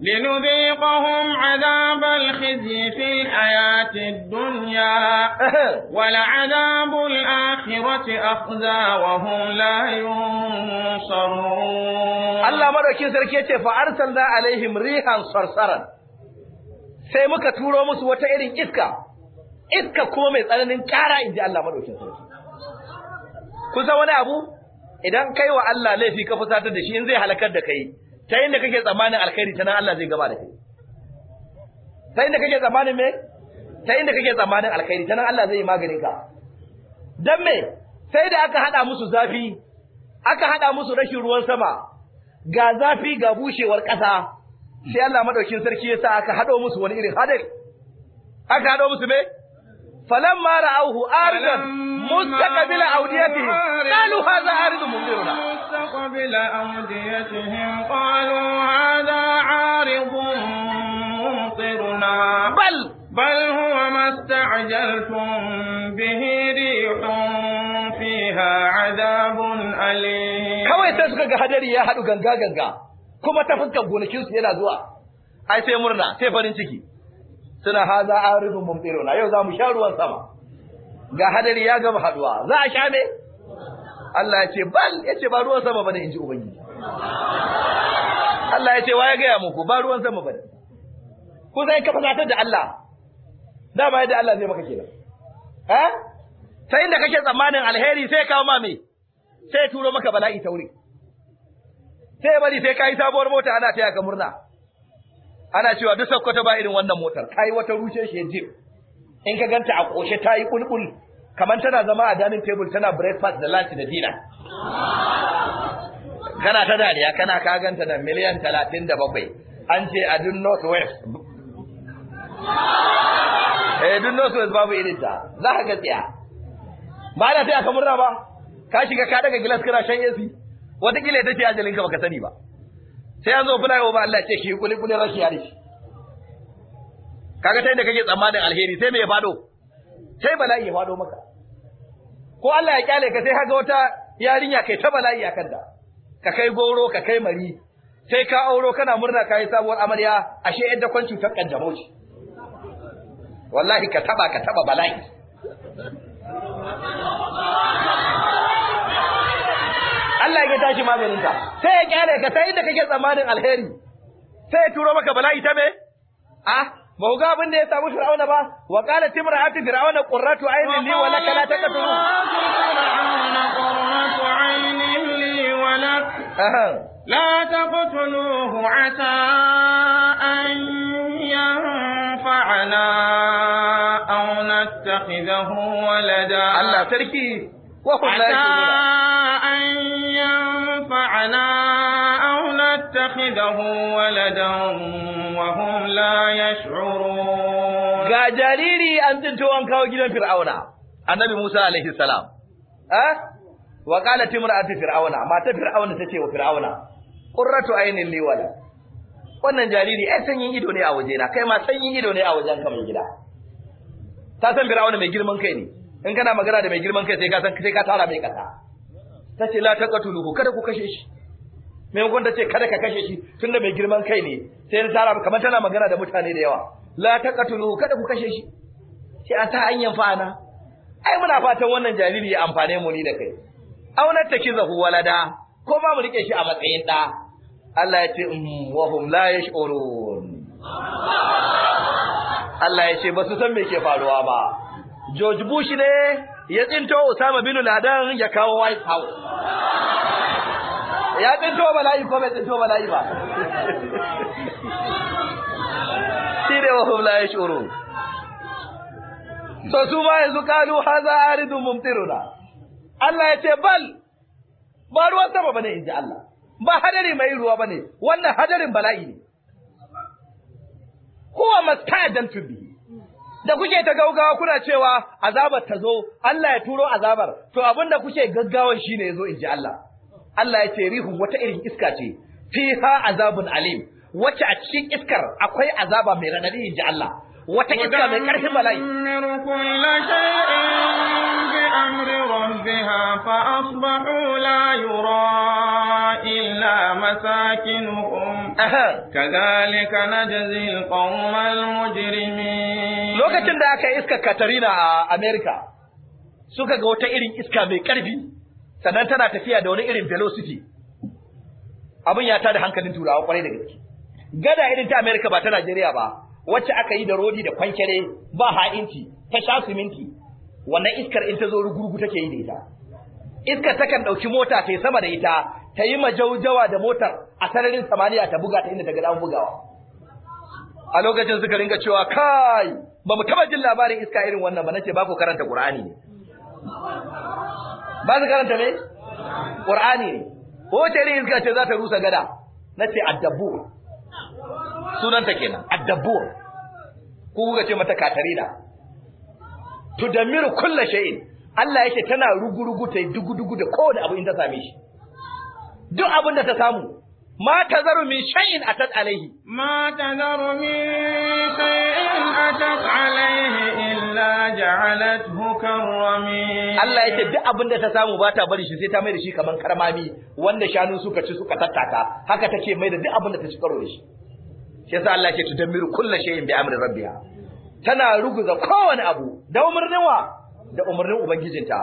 S1: لنذيقهم عذاب الخزي في الحياة الدنيا ولعذاب الآخرة أخزى وهم
S2: لا ينصرون الله مرة كيسر كيتي فأرسلنا عليهم ريحا صرصرا sai muka turo musu wata irin iska iska kuma mai tsananin ƙara inji Allah madaukin sarki kun san wani abu idan kai wa Allah laifi ka fusatar da shi in zai halakar da kai ta inda kake tsammanin alkhairi ta nan Allah zai gaba da kai ta inda kake tsammanin me ta inda kake tsammanin alkhairi ta nan Allah zai yi magani ka dan me sai da aka hada musu zafi aka hada musu rashin ruwan sama ga zafi ga bushewar kasa sai Allah madaukin sarki ya sa aka hado musu wani irin hadari aka hado musu me فلما رأوه عارضا مستقبل أوديتهم قالوا هذا عارض ممطرنا
S1: مستقبل أوديتهم قالوا هذا عارض ممطرنا بل بل هو ما
S2: استعجلتم به
S1: ريح فيها عذاب
S2: أليم kawai sai suka ga hadari ya haɗu ganga ganga kuma ta fuskar gonakinsu yana zuwa ai sai murna sai farin ciki suna haza aridun mumtiruna yau za mu sha ruwan sama ga hadari ya gama haduwa za a sha me Allah ya ce bal ya ce ba ruwan sama bane ji ubangiji Allah ya ce wa ya gaya muku ba ruwan sama bane ku sai ka fasatar da Allah dama yadda Allah zai maka kenan ha eh? sai inda kake tsammanin alheri sai kawo ma me sai turo maka bala'i ta wuri sai bari sai kai sabuwar mota ana ta ka murna ana cewa duk ta ba irin wannan motar kai yi wata rushe shi jeep in ka ganta a koshe ta yi kulkul kamar tana zama a dining table tana breakfast da lunch da dinner kana ta dariya kana ka ganta da miliyan 37 an ce a dun north west eh dun north west babu irin ta za ka ga tsiya ba da ta aka murna ba ka shiga ka daga glass kana shan AC wata kila ita ce ajalin ka baka sani ba sai an zo fula yau ba Allah ce ki kuli kuli rashi ari kaga tai da kake tsammanin alheri sai me ya fado sai bala'i ya fado maka ko Allah ya kyale ka sai haga wata yarinya kai ta bala'i ya kanta, ka kai goro ka kai mari sai ka auro kana murna ka yi sabuwar amarya ashe yadda kwan cutar kanjamau ce wallahi ka taba ka taba bala'i Allah ya tashi maganin ta sai ya kyale ka sai inda kake tsammanin alheri sai ya turo maka bala'i ta me ah ba ku ga abin da ya samu fir'auna ba wa qala timra'atu fir'auna qurratu aynin li wa lak la taqtulu
S1: qurratu aynin li wa lak la taqtuluhu asa an yanfa'ana aw nattakhidhahu walada Allah sarki ga jariri
S2: an tsinto an kawo gidan fir'auna annabi Musa alaihi salam eh wa qalat imra'atu fir'auna mata fir'auna ta ce wa fir'auna Ƙurratu ainihin liwal. wannan jariri ai sanyin ido ne a wajena kai ma sanyin ido ne a wajen kamar gida ta san fir'auna mai girman kai ne in kana magana da mai girman kai sai ka san sai ka tara mai kasa tace la taqatuluhu kada ku kashe shi maimakon tace kada ka kashe shi tunda mai girman kai ne sai ta tara kamar tana magana da mutane da yawa la taqatuluhu kada ku kashe shi sai a ta hanyar fa'ana ai muna fatan wannan jariri ya amfane mu ni da kai aunar takizahu walada ko ba mu rike shi a matsayin da Allah ya ce mm, wa hum la yash'urun Allah ya ce ba su san me ke faruwa ba George Bush ne ya tsinto Osama bin Laden ya kawo White House. Ya tsinto bala'i ko bai tsinto bala'i ba. Shi ne wa hula ya shuru. So su ma yanzu kalu haza aridu mumtiruna. Allah ya ce bal ba ruwan sama bane in ji Allah. Ba hadari mai ruwa bane, wannan hadarin bala'i ne. Huwa to tubi. da kuke ta gaugawa kuna cewa azabar ta zo Allah ya turo azabar to abin da kuke gaggawan shi ne shine zo inji Allah Allah ya ce rihu wata irin iska ce fiha azabun alim wacce a cikin iskar akwai azaba mai raɗaɗi inji Allah wata iska mai karfin bala'i Lokacin da aka iska Katarina a Amerika, suka ga wata irin iska mai karfi sannan tana tafiya da wani irin velocity abin ya da hankalin turawa kwarai da gaske gada irin ta Amerika ba ta Najeriya ba wacce aka yi da rodi da kwankere ba ha'inci ta sha siminti wannan iskar in ta zo rugurgu take yi da ita iskar takan ɗauki mota ta sama da ita ta yi majaujawa da motar a sararin samaniya ta buga ta inda ta ga damu bugawa a lokacin suka ringa cewa kai ba mu taba jin labarin iska irin wannan ba nace ba ku karanta qur'ani ne ba su karanta ne? qur'ani ne ko ta iska ce za ta rusa gada nace addabu sunanta kenan addabur ku ko kuka ce mata katarina tudammiru kullu shay'in Allah yake tana rugurugu ta dugu-dugu da kowane abu in ta same shi duk abin da ta samu ma tazaru min shay'in atat alaihi ma tazaru min shay'in
S1: atat alaihi illa
S2: ja'alathu karami Allah yake duk abin da ta samu ba ta bari shi sai ta mai da shi kaman karmami wanda shanu suka ci suka tattaka haka take mai da duk abin da ta ci karo da shi yasa Allah ke tudammiru kullu shay'in bi amri rabbiha tana ruguza kowane abu da umarnin wa da umarnin ubangijinta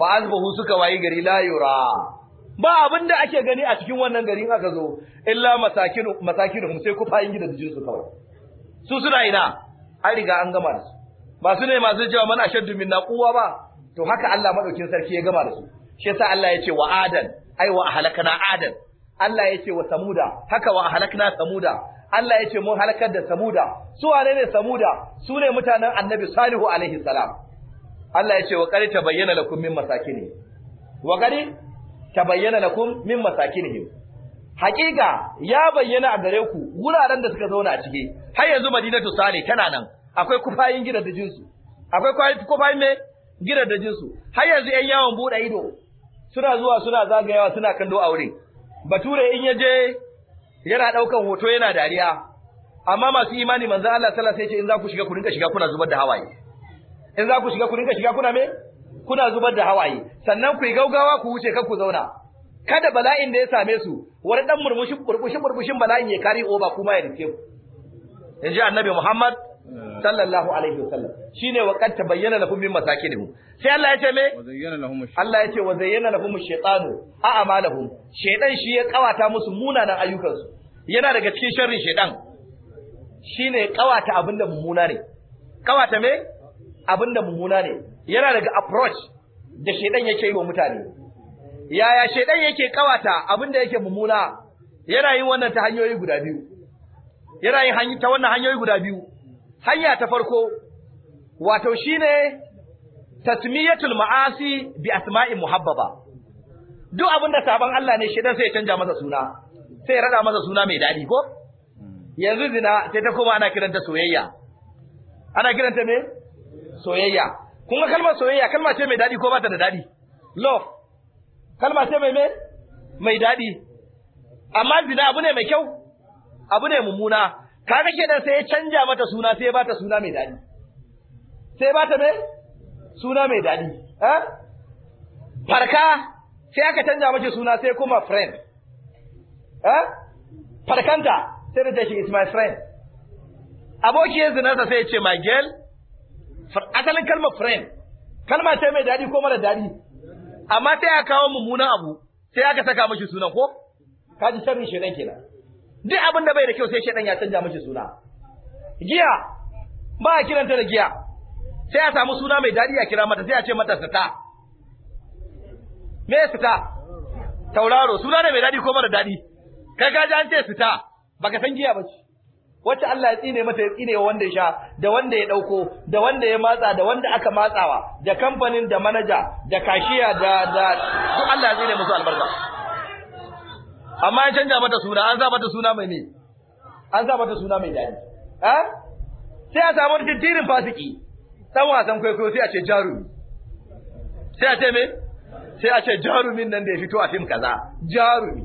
S2: fa azbahu suka wayi gari la yura ba abinda ake gani a cikin wannan garin aka zo illa masakinu masakinu sai ku fayin gidan jinsu kawai su suna ina an riga an gama da su ba su ne masu cewa man ashaddu minna quwwa ba to haka Allah madaukin sarki ya gama da su shi yasa Allah ya ce wa adan ai wa ahlakana adan Allah ya ce wa samuda haka wa ahlakana samuda Allah ya ce mun halakar da samuda su wane ne samuda su ne mutanen annabi salihu alaihi salam Allah ya ce wa ta bayyana lakum min masakinihi wa ta bayyana lakum min masakinihi Hakika ya bayyana a gare ku wuraren da suka zauna a ciki har yanzu madinatu sale tana nan akwai kufayin gidan da jinsu akwai kufayin me gidan da jinsu har yanzu ƴan yawon buɗe ido suna zuwa suna zagayawa suna kando a wurin bature in ya je yana daukan hoto yana dariya amma masu imani manzo Allah sallallahu alaihi wasallam ce in za ku shiga ku rinka shiga kuna zubar da hawaye in za ku shiga ku rinka shiga kuna me kuna zubar da hawaye sannan ku yi gaugawa ku wuce kanku ku zauna kada bala'in da ya same su wani dan murmushin burbushin burbushin bala'in ya kari oba kuma ya rike ku ji annabi Muhammad sallallahu alaihi wasallam shine wa qad tabayyana lahum min masakinihim sai Allah ya ce me Allah ya ce wa zayyana lahum ash-shaytanu a'malahum shaytan shi ya kawata musu munanan ayyukansu yana daga cikin sharrin shaytan shine kawata abinda mummuna ne kawata me abinda mummuna ne yana daga approach da shaytan yake yi wa mutane yaya shaytan yake kawata abinda yake mummuna yana yin wannan ta hanyoyi guda biyu yana yin ta wannan hanyoyi guda biyu hanya ta farko wato shine tasmiyatul ma'asi bi asma'in muhabbaba duk abinda sabon Allah ne shedan sai ya canja masa suna sai ya rada masa suna mai dadi ko yanzu zina sai ta koma ana kiranta soyayya ana kiranta me soyayya kun ga kalmar soyayya kalma ce mai dadi ko ba ta da dadi love kalma ce mai me mai dadi amma zina abu ne mai kyau abu ne mummuna kaga kenan sai ya canja mata suna sai ya bata suna mai dadi sai bata me suna mai dadi eh farka sai aka canja mata suna sai kuma friend eh farkanta sai da take is my friend abokiyar zinarsa sai ya ce my girl asalin kalmar friend kalma ce mai dadi ko mara dadi amma sai aka kawo mummunan abu sai aka saka mashi sunan ko kaji sharrin shedan kenan duk abin da bai da kyau sai shaidan ya canja mishi suna giya ba a kiranta da giya sai a samu suna mai daɗi a kira mata sai a ce mata sita me sita tauraro suna ne mai daɗi ko mara daɗi kai ka ji an ce sita baka san giya ba ce wacce Allah ya tsine mata ya tsine wanda ya sha da wanda ya ɗauko da wanda ya matsa da wanda aka matsawa da kamfanin da manaja da kashiya da da Allah ya tsine musu albarka amma an canja mata suna an sa mata suna mai ne an sa mata suna mai daɗi ha sai a samu tintirin fasiki dan wasan kwaikwayo sai a ce jarumi sai a ce me sai a ce jarumin nan da ya fito a fim kaza jarumi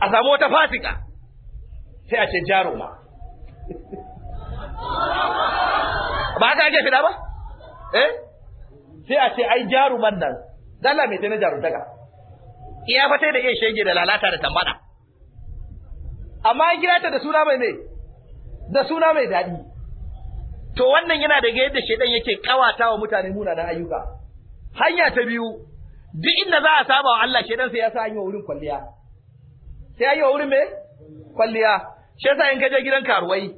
S2: a samu wata fasika sai a ce jaruma ba haka ake fida ba eh sai a ce ai jaruman nan dala mai ta na daga? iya fa da iya shege da lalata da tambada amma an kira ta da suna mai ne, da suna mai daɗi to wannan yana daga yadda shedan yake kawata wa mutane muna da ayyuka hanya ta biyu duk inda za a saba wa Allah shedan sai ya sa an yi wa wurin kwalliya sai an yi wa wurin me kwalliya shi yasa in ka je gidan karuwai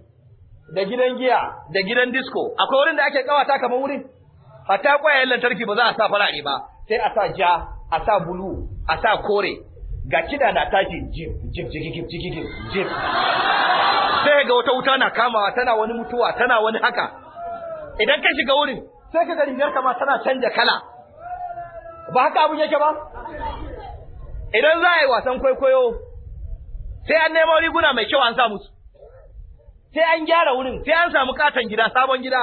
S2: da gidan giya da gidan disco akwai wurin da ake kawata kamar wurin hatta kwayayen lantarki ba za a sa farare ba sai a sa ja a sa bulu a sa kore ga kida na tashi jim jim jim jim jim jim sai ga wata wuta na kamawa tana wani mutuwa tana wani haka idan ka shiga wurin sai ka ga rigar ka ma tana canja kala ba haka abun yake ba idan za a yi wasan kwaikwayo sai an nemo riguna mai kyau an sa musu sai an gyara wurin sai an samu katon gida sabon gida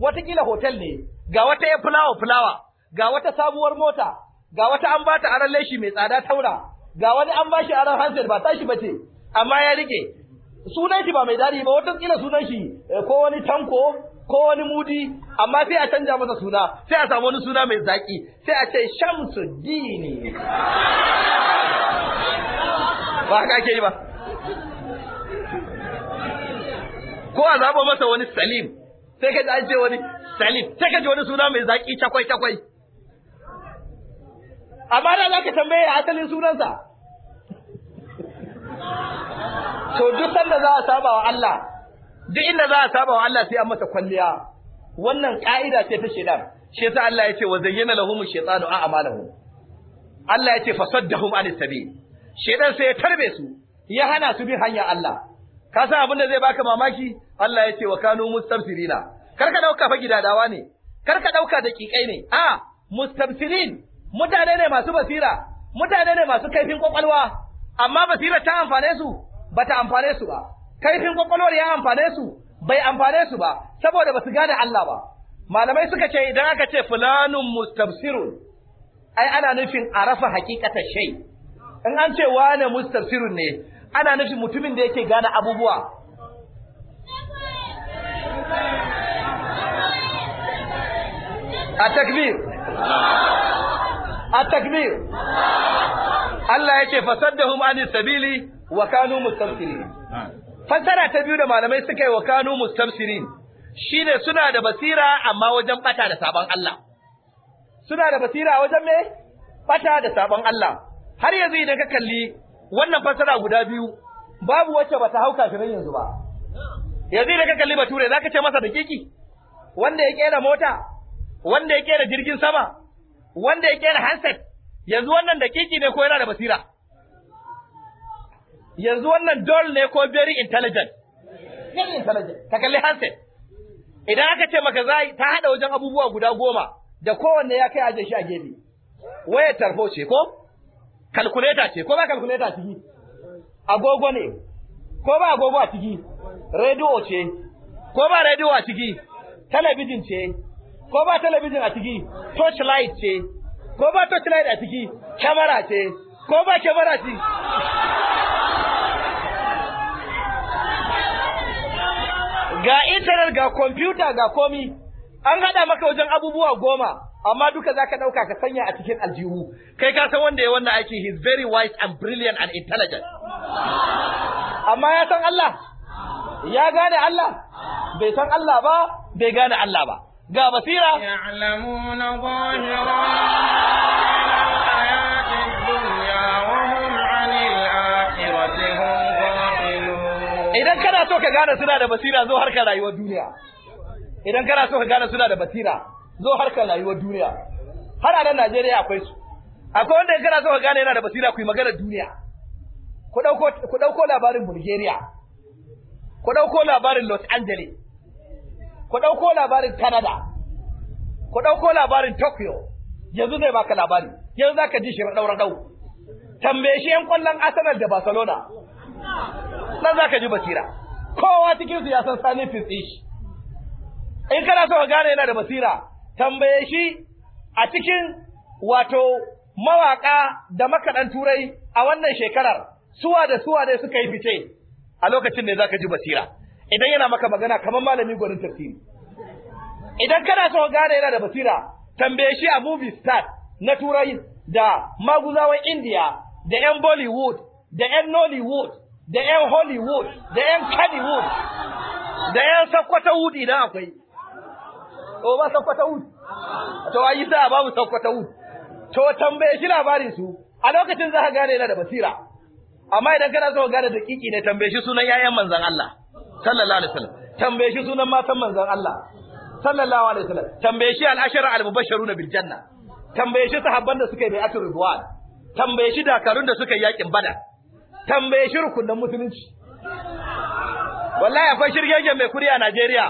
S2: watakila hotel ne ga wata ya fulawa fulawa ga wata sabuwar mota ga wata an ba ta aran leshi mai tsada taura ga wani an ba shi aran handset ba tashi ba ce, amma ya rike sunan shi ba mai dadi ba wata kila sunan shi eh, ko wani tanko ko wani mudi amma sai a canja masa suna sai a samu wani suna mai zaki sai a ce dini. ba haka ke yi ba ko a zaba masa wani salim sai ka ji an ce wani salim sai ka ji wani suna mai zaki cakwai cakwai amma da zaka tambaye asalin sunansa to duk sanda za a saba wa Allah duk inda za a saba wa Allah sai an masa kwalliya wannan ka'ida ce ta shedan shi yasa Allah ya ce wa zayyana lahumu shaytanu a'malahum Allah ya ce fasaddahum anis sabil shedan sai ya tarbe su ya hana su bin hanya Allah ka san abin da zai baka mamaki Allah ya ce wa kanu mustamsirina karka dauka fa gidadawa ne karka dauka daƙiƙai ne a mustamsirin mutane ne masu basira mutane ne masu kaifin kwakwalwa amma basira ta amfane su ba ta amfane su ba kaifin kwakwalwar ya amfane su bai amfane su ba saboda ba su gane Allah ba malamai suka ce idan aka ce fulanun mustafsirun ai ana nufin arafa hakikatar shay in an ce wane mustafsirun ne ana nufin mutumin da yake gane abubuwa a takbir at-takbir Allah yace fasaddahum anis sabili wa kanu mustamsirin fasara ta biyu da malamai suka yi wa kanu mustamsirin shine suna da basira amma wajen bata da sabon Allah suna da basira wajen me bata da sabon Allah har yanzu idan ka kalli wannan fasara guda biyu babu wacce bata hauka kiran yanzu ba yanzu idan ka kalli bature zaka ce masa dakiki wanda ya ƙera mota wanda ya ƙera jirgin sama wanda ya kera handset yanzu wannan kiki ne ko yana da basira yanzu wannan doll ne ko very intelligent very intelligent ta kalli handset idan aka ce maka zai ta hada wajen abubuwa guda goma da kowanne ya kai aje shi a gefe wayar tarho ce ko calculator ce ko ba calculator ciki agogo ne ko ba agogo a ciki radio ce ko ba radio a ciki talabijin ce ko ba talabijin a ciki torch ce ko ba torch a ciki kyamara ce ko ba kyamara ce ga intanet ga kwamfuta ga komi an haɗa maka wajen abubuwa goma amma duka zaka ɗauka ka sanya a cikin aljihu kai ka san wanda ya wannan aiki he is very wise and brilliant and intelligent amma ya san Allah ya gane Allah bai san Allah ba bai gane Allah ba
S1: ga basira
S2: idan kana so ka gane suna da basira zo harkar rayuwar duniya idan kana so ka gane suna da basira zo harkar rayuwar duniya har a nan Najeriya akwai su akwai wanda kana so ka gane yana da basira ku yi magana duniya ku ku dauko labarin Bulgaria ku dauko labarin Los Angeles ku ɗauko labarin Canada, ku ɗauko labarin Tokyo, yanzu zai baka labari, yanzu za ka ji shi raɗau raɗau. Tambaye shi ‘yan ƙwallon Arsenal da Barcelona, nan za ka ji basira. Kowa cikin su ya san sani fitsi shi. In kana so ka gane yana da basira, tambaye shi a cikin wato mawaƙa da makaɗan turai a wannan shekarar, suwa da suwa dai suka yi fice, a lokacin ne za ka ji basira. idan yana maka magana kamar malami gwanin tafsiri idan kana so gane yana da basira tambaye shi a movie star na turai da maguzawan india da yan bollywood da yan nollywood da yan hollywood da yan kannywood da yan sakwata wood idan akwai to ba sakwata wood to ayi sa babu sakwata wood to tambaye shi labarin su a lokacin za ka gane yana da basira amma idan kana so gane da kiki ne tambaye shi sunan yayan manzon Allah sallallahu alaihi wasallam tambaye shi sunan matan manzon Allah sallallahu alaihi wasallam tambaye shi al-ashara al-mubashshiruna bil janna tambaye shi sahabban da suka yi bai'atu ridwan tambaye shi dakarun da suka yi yakin badar tambaye shi rukunin musulunci wallahi akwai shirgegen mai kuri a Najeriya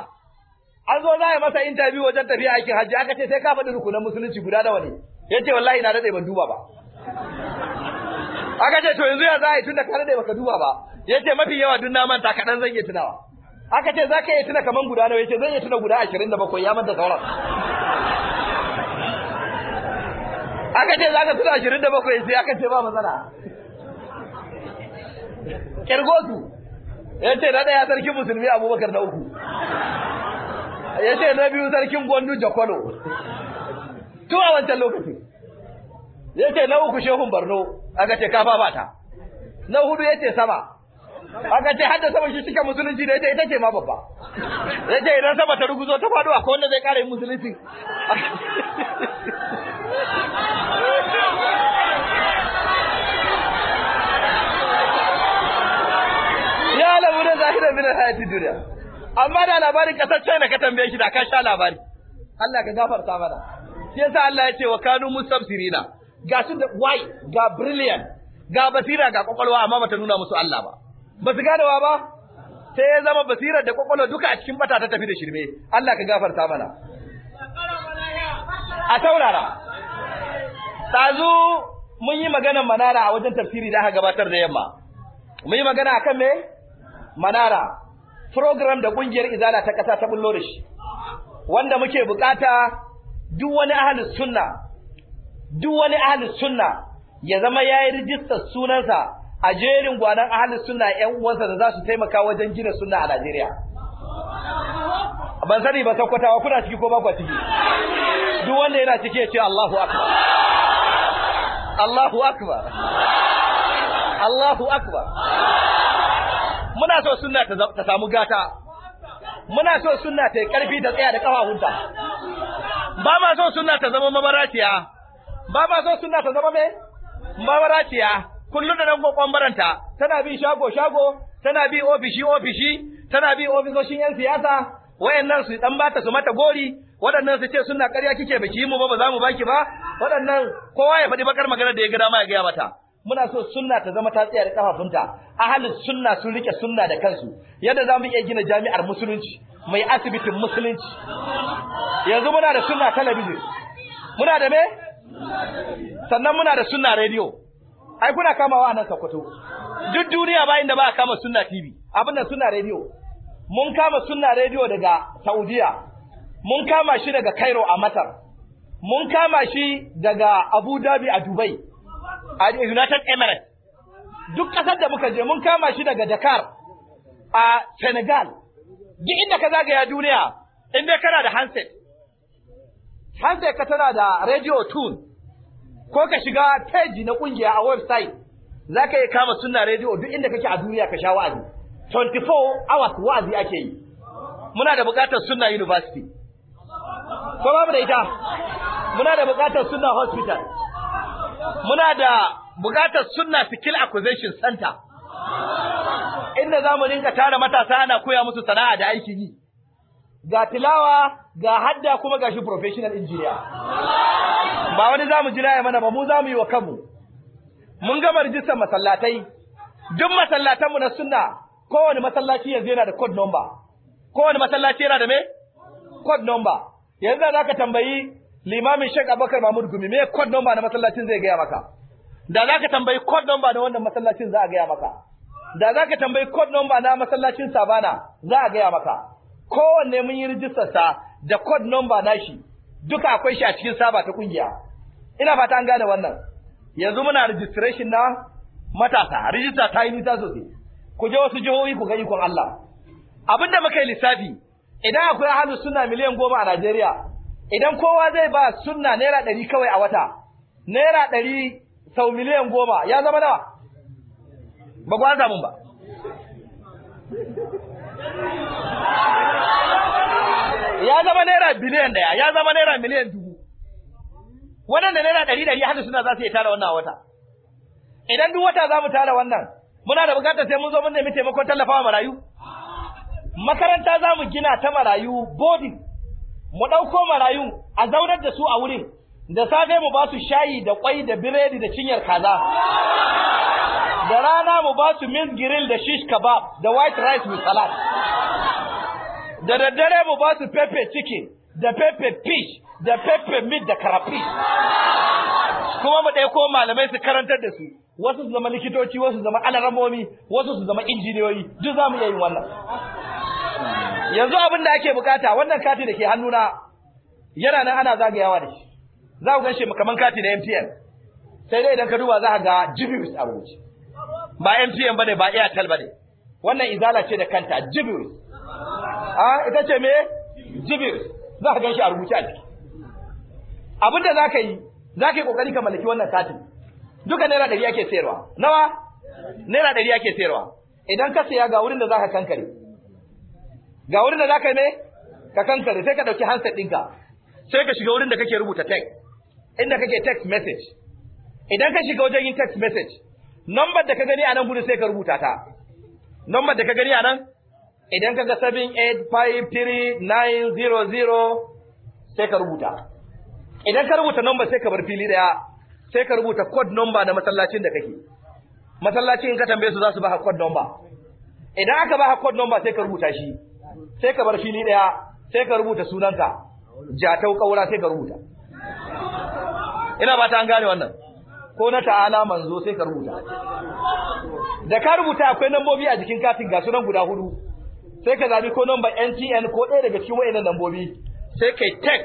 S2: an zo za a yi masa interview wajen tafiya aikin hajji aka ce sai ka faɗi rukunin musulunci guda da wani yace wallahi na dade ban duba ba aka ce to yanzu ya za a yi tunda ka dade baka duba ba yace mafi yawa duk na manta kadan zan iya tunawa aka ce za zaka iya tuna kaman guda nawa yace zan iya tuna guda bakwai ya manta sauran aka ce za ka tuna ashirin da bakwai sai aka ce ba matsala kirgosu yace na ɗaya sarkin musulmi Abubakar na uku yace na biyu sarkin Gondu Jakolo tun a wancan lokacin yace na uku shehun Barno aka ce kafa bata na hudu yace sama Aka ce hadda sama shi cika musulunci da ita ita ce ma babba. Ya ce idan sama ta ruguzo ta faɗo ko wanda zai kara yin musulunci. Ya labu da zahirar minar hayati duniya. Amma da labarin kasar China ka tambaye shi da ka sha labari. Allah ka gafarta mana. Shi yasa Allah ya ce wa kanu mustabsirina. Ga su da why ga brilliant ga basira ga kwakwalwa amma bata nuna musu Allah ba. ba su gane ba sai ya zama basirar da kwakwalwa duka a cikin bata ta tafi da shirme Allah ka gafarta mana
S3: a taurara
S2: tazu mun yi maganar manara a wajen tafsiri da aka gabatar da yamma mun yi magana akan me manara program da kungiyar izala ta kasa ta bullo da shi wanda muke bukata duk wani ahlus sunna duk wani ahlus sunna ya zama yayi rijistar sunansa a jerin gwanan ahli sunna ƴan uwansa da za su taimaka wajen gina sunna a Najeriya ban sani ba sakkwatawa kuna ciki ko bakwa ciki duk wanda yana ciki ya ce Allahu akbar Allahu akbar Allahu akbar muna so sunna ta samu gata muna so sunna ta yi karfi ta tsaya da kafahunta ba ma so sunna ta zama mabaraciya ba ma so sunna ta zama me mabaraciya kullum da nan baranta tana bi shago shago tana bi ofishi ofishi tana bi ofisoshin yan siyasa wayannan su dan bata su mata gori waɗannan su ce suna ƙarya kike baki mu ba ba za mu baki ba waɗannan kowa ya faɗi bakar magana da ya gada ma ya gaya mata muna so sunna ta zama ta tsaya da kafafunta ahalin sunna sun rike sunna da kansu yadda za mu iya gina jami'ar musulunci mai asibitin musulunci yanzu muna da sunna talabijin muna da me sannan muna da sunna rediyo ai kuna kamawa a nan Sokoto duk duniya bayin da ba a kama sunna TV abin nan sunna radio mun kama sunna radio daga Saudiya mun kama shi daga Cairo a Masar mun kama shi daga Abu Dhabi a Dubai a United Emirates duk kasar da muka je mun kama shi daga Dakar a Senegal duk inda ka zagaya duniya in dai kana da handset handset ka tana da radio tune ko ka shiga page na kungiya a website za ka iya kama sunna radio duk inda kake a duniya ka sha wa'azi 24 hours wa'azi ake yi muna da bukatar sunna university ko babu da ita muna da bukatar sunna hospital muna da bukatar sunna skill acquisition center inda zamu dinka tara matasa ana koya musu sana'a da aikin yi ga tilawa ga hadda kuma ga shi professional engineer ba wani mu jira ya mana ba mu za mu yi wa kanmu mun gama rijistar masallatai duk masallatanmu na sunna kowane masallaci yanzu yana da code number kowane masallaci yana da me code number yanzu za ka tambayi limamin shek Abubakar Mahmud Gumi me code number na masallacin zai gaya maka da za ka tambayi code number na wannan masallacin za a gaya maka da za ka tambayi code number na masallacin Sabana za a gaya maka kowanne mun yi rijistarsa da code number nashi duka akwai shi a cikin saba ta kungiya ina fata an gane wannan yanzu muna registration na matasa rijista ta yi nisa sosai ku je wasu jihohi ku ga ikon Allah abinda muka yi lissafi idan akwai hannu sunna miliyan goma a Najeriya idan kowa zai ba sunna naira ɗari kawai a wata naira ɗari sau miliyan goma ya zama nawa ba ku an ba
S3: ya zama naira biliyan
S2: daya ya zama naira miliyan dubu waɗanda naira ɗari ɗari hannu suna za su iya tara wannan wata idan duk wata za mu tara wannan muna da bukatar sai mun zo mun nemi taimakon tallafawa marayu makaranta za mu gina ta marayu boarding mu ɗauko marayun a zaunar da su a wurin da safe mu ba su shayi da kwai da biredi da cinyar kaza da rana mu ba su mint grill da shish kebab da white rice with salad da daddare mu ba su pepper chicken da pepper fish da pepper meat da crawfish kuma mu ko malamai su karantar da su wasu su zama likitoci wasu su zama alaramomi wasu su zama injiniyoyi duk za mu iya yin wannan yanzu abin da ake bukata wannan kati da ke hannuna yana nan ana zagayawa da shi za ku gan shi kaman kati na MTN sai dai idan ka duba za ka ga jibi a ba MTN bane ba Airtel bane wannan izala ce da kanta jibir a ah, ita ce me jibir za ka ganshi a rubuce a ciki abinda za ka yi za ka yi kokari ka mallaki wannan satin duka naira ɗari ake sayarwa nawa naira ɗari ake sayarwa idan ka saya ga wurin da za ka kankare ga wurin da za ka yi me ka kankare sai ka ɗauki handset ɗinka sai ka shiga wurin da kake rubuta text inda kake text message idan ka shiga wajen yin text message number da ka gani a nan gudu sai ka rubuta ta number da ka gani a nan idan ka ga 7853900 sai ka rubuta idan ka rubuta number sai ka bar fili daya sai ka rubuta code number na masallacin da kake masallacin in ka tambaye su za su ka code number idan aka ka code number sai ka rubuta shi sai ka bar fili daya sai ka rubuta sunanka jatau kaura sai ka rubuta ina ba ta an gane wannan ko na ta'ala manzo sai ka rubuta da ka rubuta akwai nambobi a jikin katin ga sunan guda hudu sai ka zabi ko number NTN ko ɗaya daga cikin wayannan nambobi sai kai tag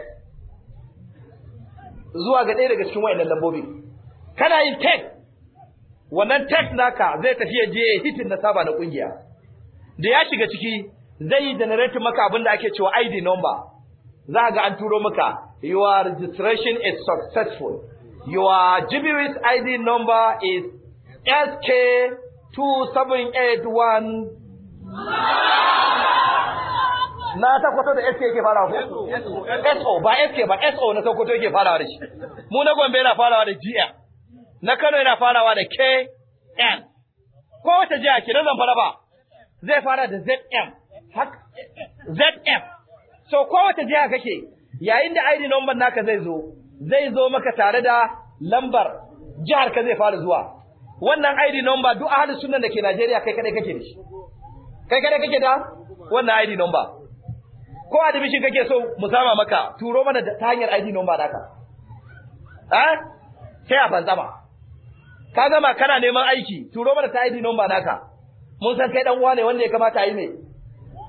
S2: zuwa ga ɗaya daga cikin wayannan nambobi kana yin tag wannan tag naka zai tafi je hitin na saba na kungiya da ya shiga ciki zai yi generate maka abin da ake cewa ID number za ga an turo maka your registration is successful Your gibberish ID number is SK2781. Na kwato da SK yake farawa ko? SO ba SK ba SO na kwato yake farawa da shi. Mu na Gombe yana farawa da GM. Na Kano yana farawa da KM. Ko wata jiya ke zan fara ba? Zai fara da ZM. ZM. So ko wata jiya kake yayin da ID number naka zai zo zai zo maka tare da lambar jihar ka zai fara zuwa wannan ID number duk ahli sunna da ke Najeriya kai kadai kake da shi kai kadai kake da wannan ID number ko admission kake so mu sama maka turo mana ta hanyar ID number naka eh sai a fanzama ka gama kana neman aiki turo mana ta ID number naka mun san kai dan uwa ne wanda ya kamata a yi ne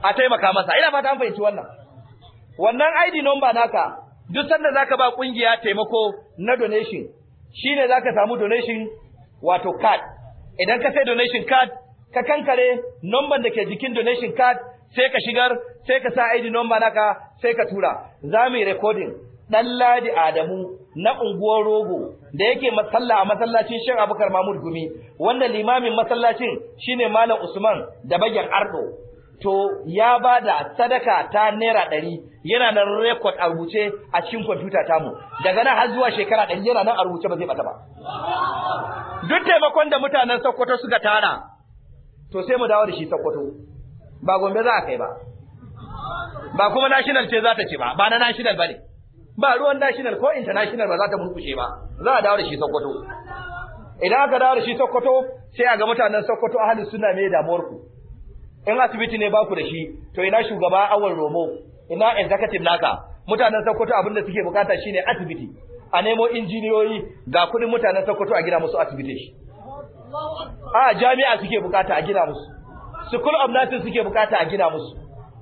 S2: a taimaka masa ina fata an fahimci wannan wannan ID number naka duk sanda za ka ba kungiya taimako na donation shine zaka samu donation wato card idan ka sai donation card ka kankare number da ke jikin donation card sai ka shigar sai ka sa ID number naka sai ka tura za mu yi recording dan Ladi Adamu na unguwar Rogo da yake masalla a masallacin shan Abubakar Mahmud Gumi wanda limamin masallacin shine Malam Usman da bagen Ardo to ya ba da sadaka ta naira ɗari yana nan rekod a rubuce a cikin kwamfuta tamu daga nan har zuwa shekara ɗari yana nan a rubuce ba zai bata ba duk taimakon da mutanen sokoto suka tara to sai mu dawo da shi sokoto ba gombe za a kai ba ba kuma national ce za ta ce ba ba na national ba ne ba ruwan national ko international ba za ta murkushe ba za a dawo da shi sokoto idan aka dawo da shi sokoto sai a ga mutanen sokoto ahalin suna mai damuwar ku in asibiti ne baku da shi to ina shugaba awal romo ina executive naka mutanen Sokoto abin da suke bukata shine asibiti a nemo injiniyoyi ga kudin mutanen Sokoto a gina musu asibiti
S3: a jami'a
S2: suke bukata a gina musu school of nursing suke bukata a gina musu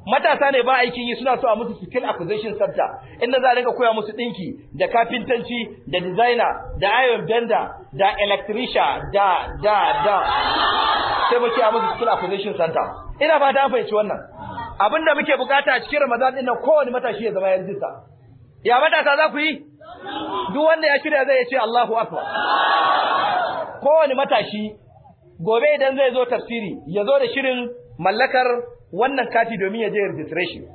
S2: matasa ne ba aikin yi suna so a musu skill acquisition center inda za a rinka koya musu dinki da kafintanci da designer da iron bender da electrician da da da sai muke a musu skill acquisition center ina ba ta fahimci wannan abinda muke bukata a cikin Ramadan din nan kowane matashi ya zama ya sa ya matasa za ku yi duk wanda ya shirya zai ce Allahu akbar kowane matashi gobe idan zai zo tafsiri ya zo da shirin mallakar wannan kati domin ya je registration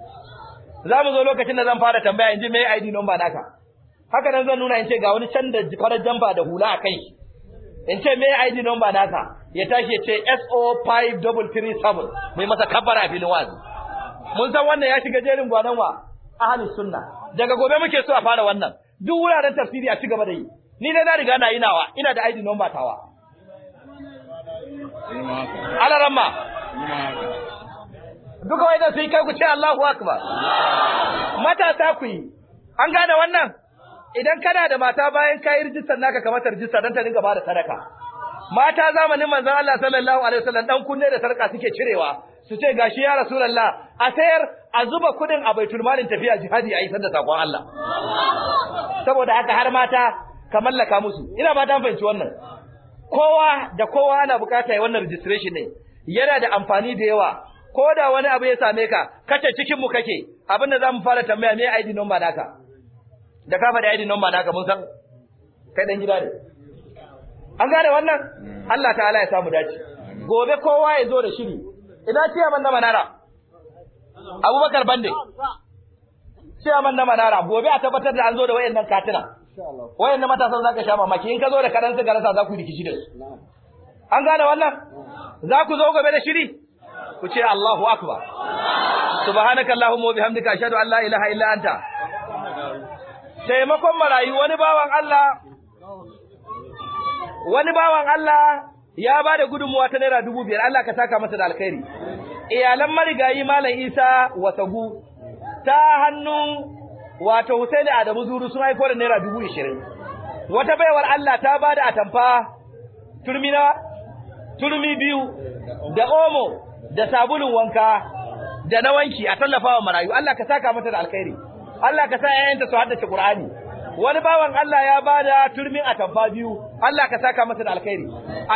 S2: za mu zo lokacin da zan fara tambaya in ji me ID number naka haka nan zan nuna in ce ga wani can da farar jamba da hula a kai in ce me ID number naka ya tashi ya ce SO5337 mai masa kabara a filin wazi mun san wannan ya shiga jerin gwanon wa ahlus sunna daga gobe muke so a fara wannan duk wuraren tafsiri a gaba da yi ni ne na riga na yi nawa ina da ID number tawa alaramma duka wai da kai ku ce Allahu akbar matasa ku yi an gane wannan idan kana da mata bayan ka yi rijistar naka kamar ta rijista don ta dinga ba da sadaka mata zamanin manzon Allah sallallahu alaihi wasallam dan kunne da sarka suke cirewa su ce gashi ya rasulullah a sayar a zuba kudin a baitul malin tafiya jihadi a isar da sakon Allah saboda haka har mata ka mallaka musu ina ba ta fahimci wannan kowa da kowa ana bukata ya wannan registration ne yana da amfani da yawa ko da wani abu ya same ka kace cikin mu kake abinda zamu fara tambaya me ID number naka da ka faɗi ID number naka mun san kai dan gida ne an gane wannan hmm. Allah ta'ala ya samu dace gobe kowa ya zo da shiri idan ce man da manara
S3: Abubakar Bande
S2: ce man da manara gobe a tabbatar da an zo da wayannan katina wayannan matasan zaka sha mamaki in ka zo da karan su garasa za ku rikici da su an gane wannan za ku zo gobe da shiri ku ce Allahu akbar subhanakallahumma wa bihamdika ashhadu an la ilaha illa anta taimakon marayu wani bawan Allah wani bawan Allah ya ba da gudunmuwa ta naira dubu biyar Allah ka saka masa da alkhairi iyalan marigayi malam isa watagu ta hannun wato da adamu zuru sun haifo da naira dubu ishirin wata baiwar Allah ta ba da atamfa turmi turmi biyu da omo da sabulun wanka da na wanki a tallafa wa marayu Allah ka saka mata da alkhairi Allah ka sa ƴaƴanta su haddace Qur'ani wani bawan Allah ya ba da turmin atamfa biyu Allah ka saka masa da alkhairi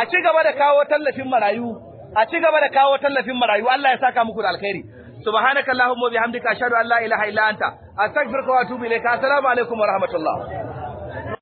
S2: a ci gaba da kawo tallafin marayu a ci gaba da kawo tallafin marayu Allah ya saka muku da alkhairi subhanaka allahumma bihamdika ashhadu an la ilaha illa anta astaghfiruka wa atubu ilayka assalamu alaikum wa rahmatullah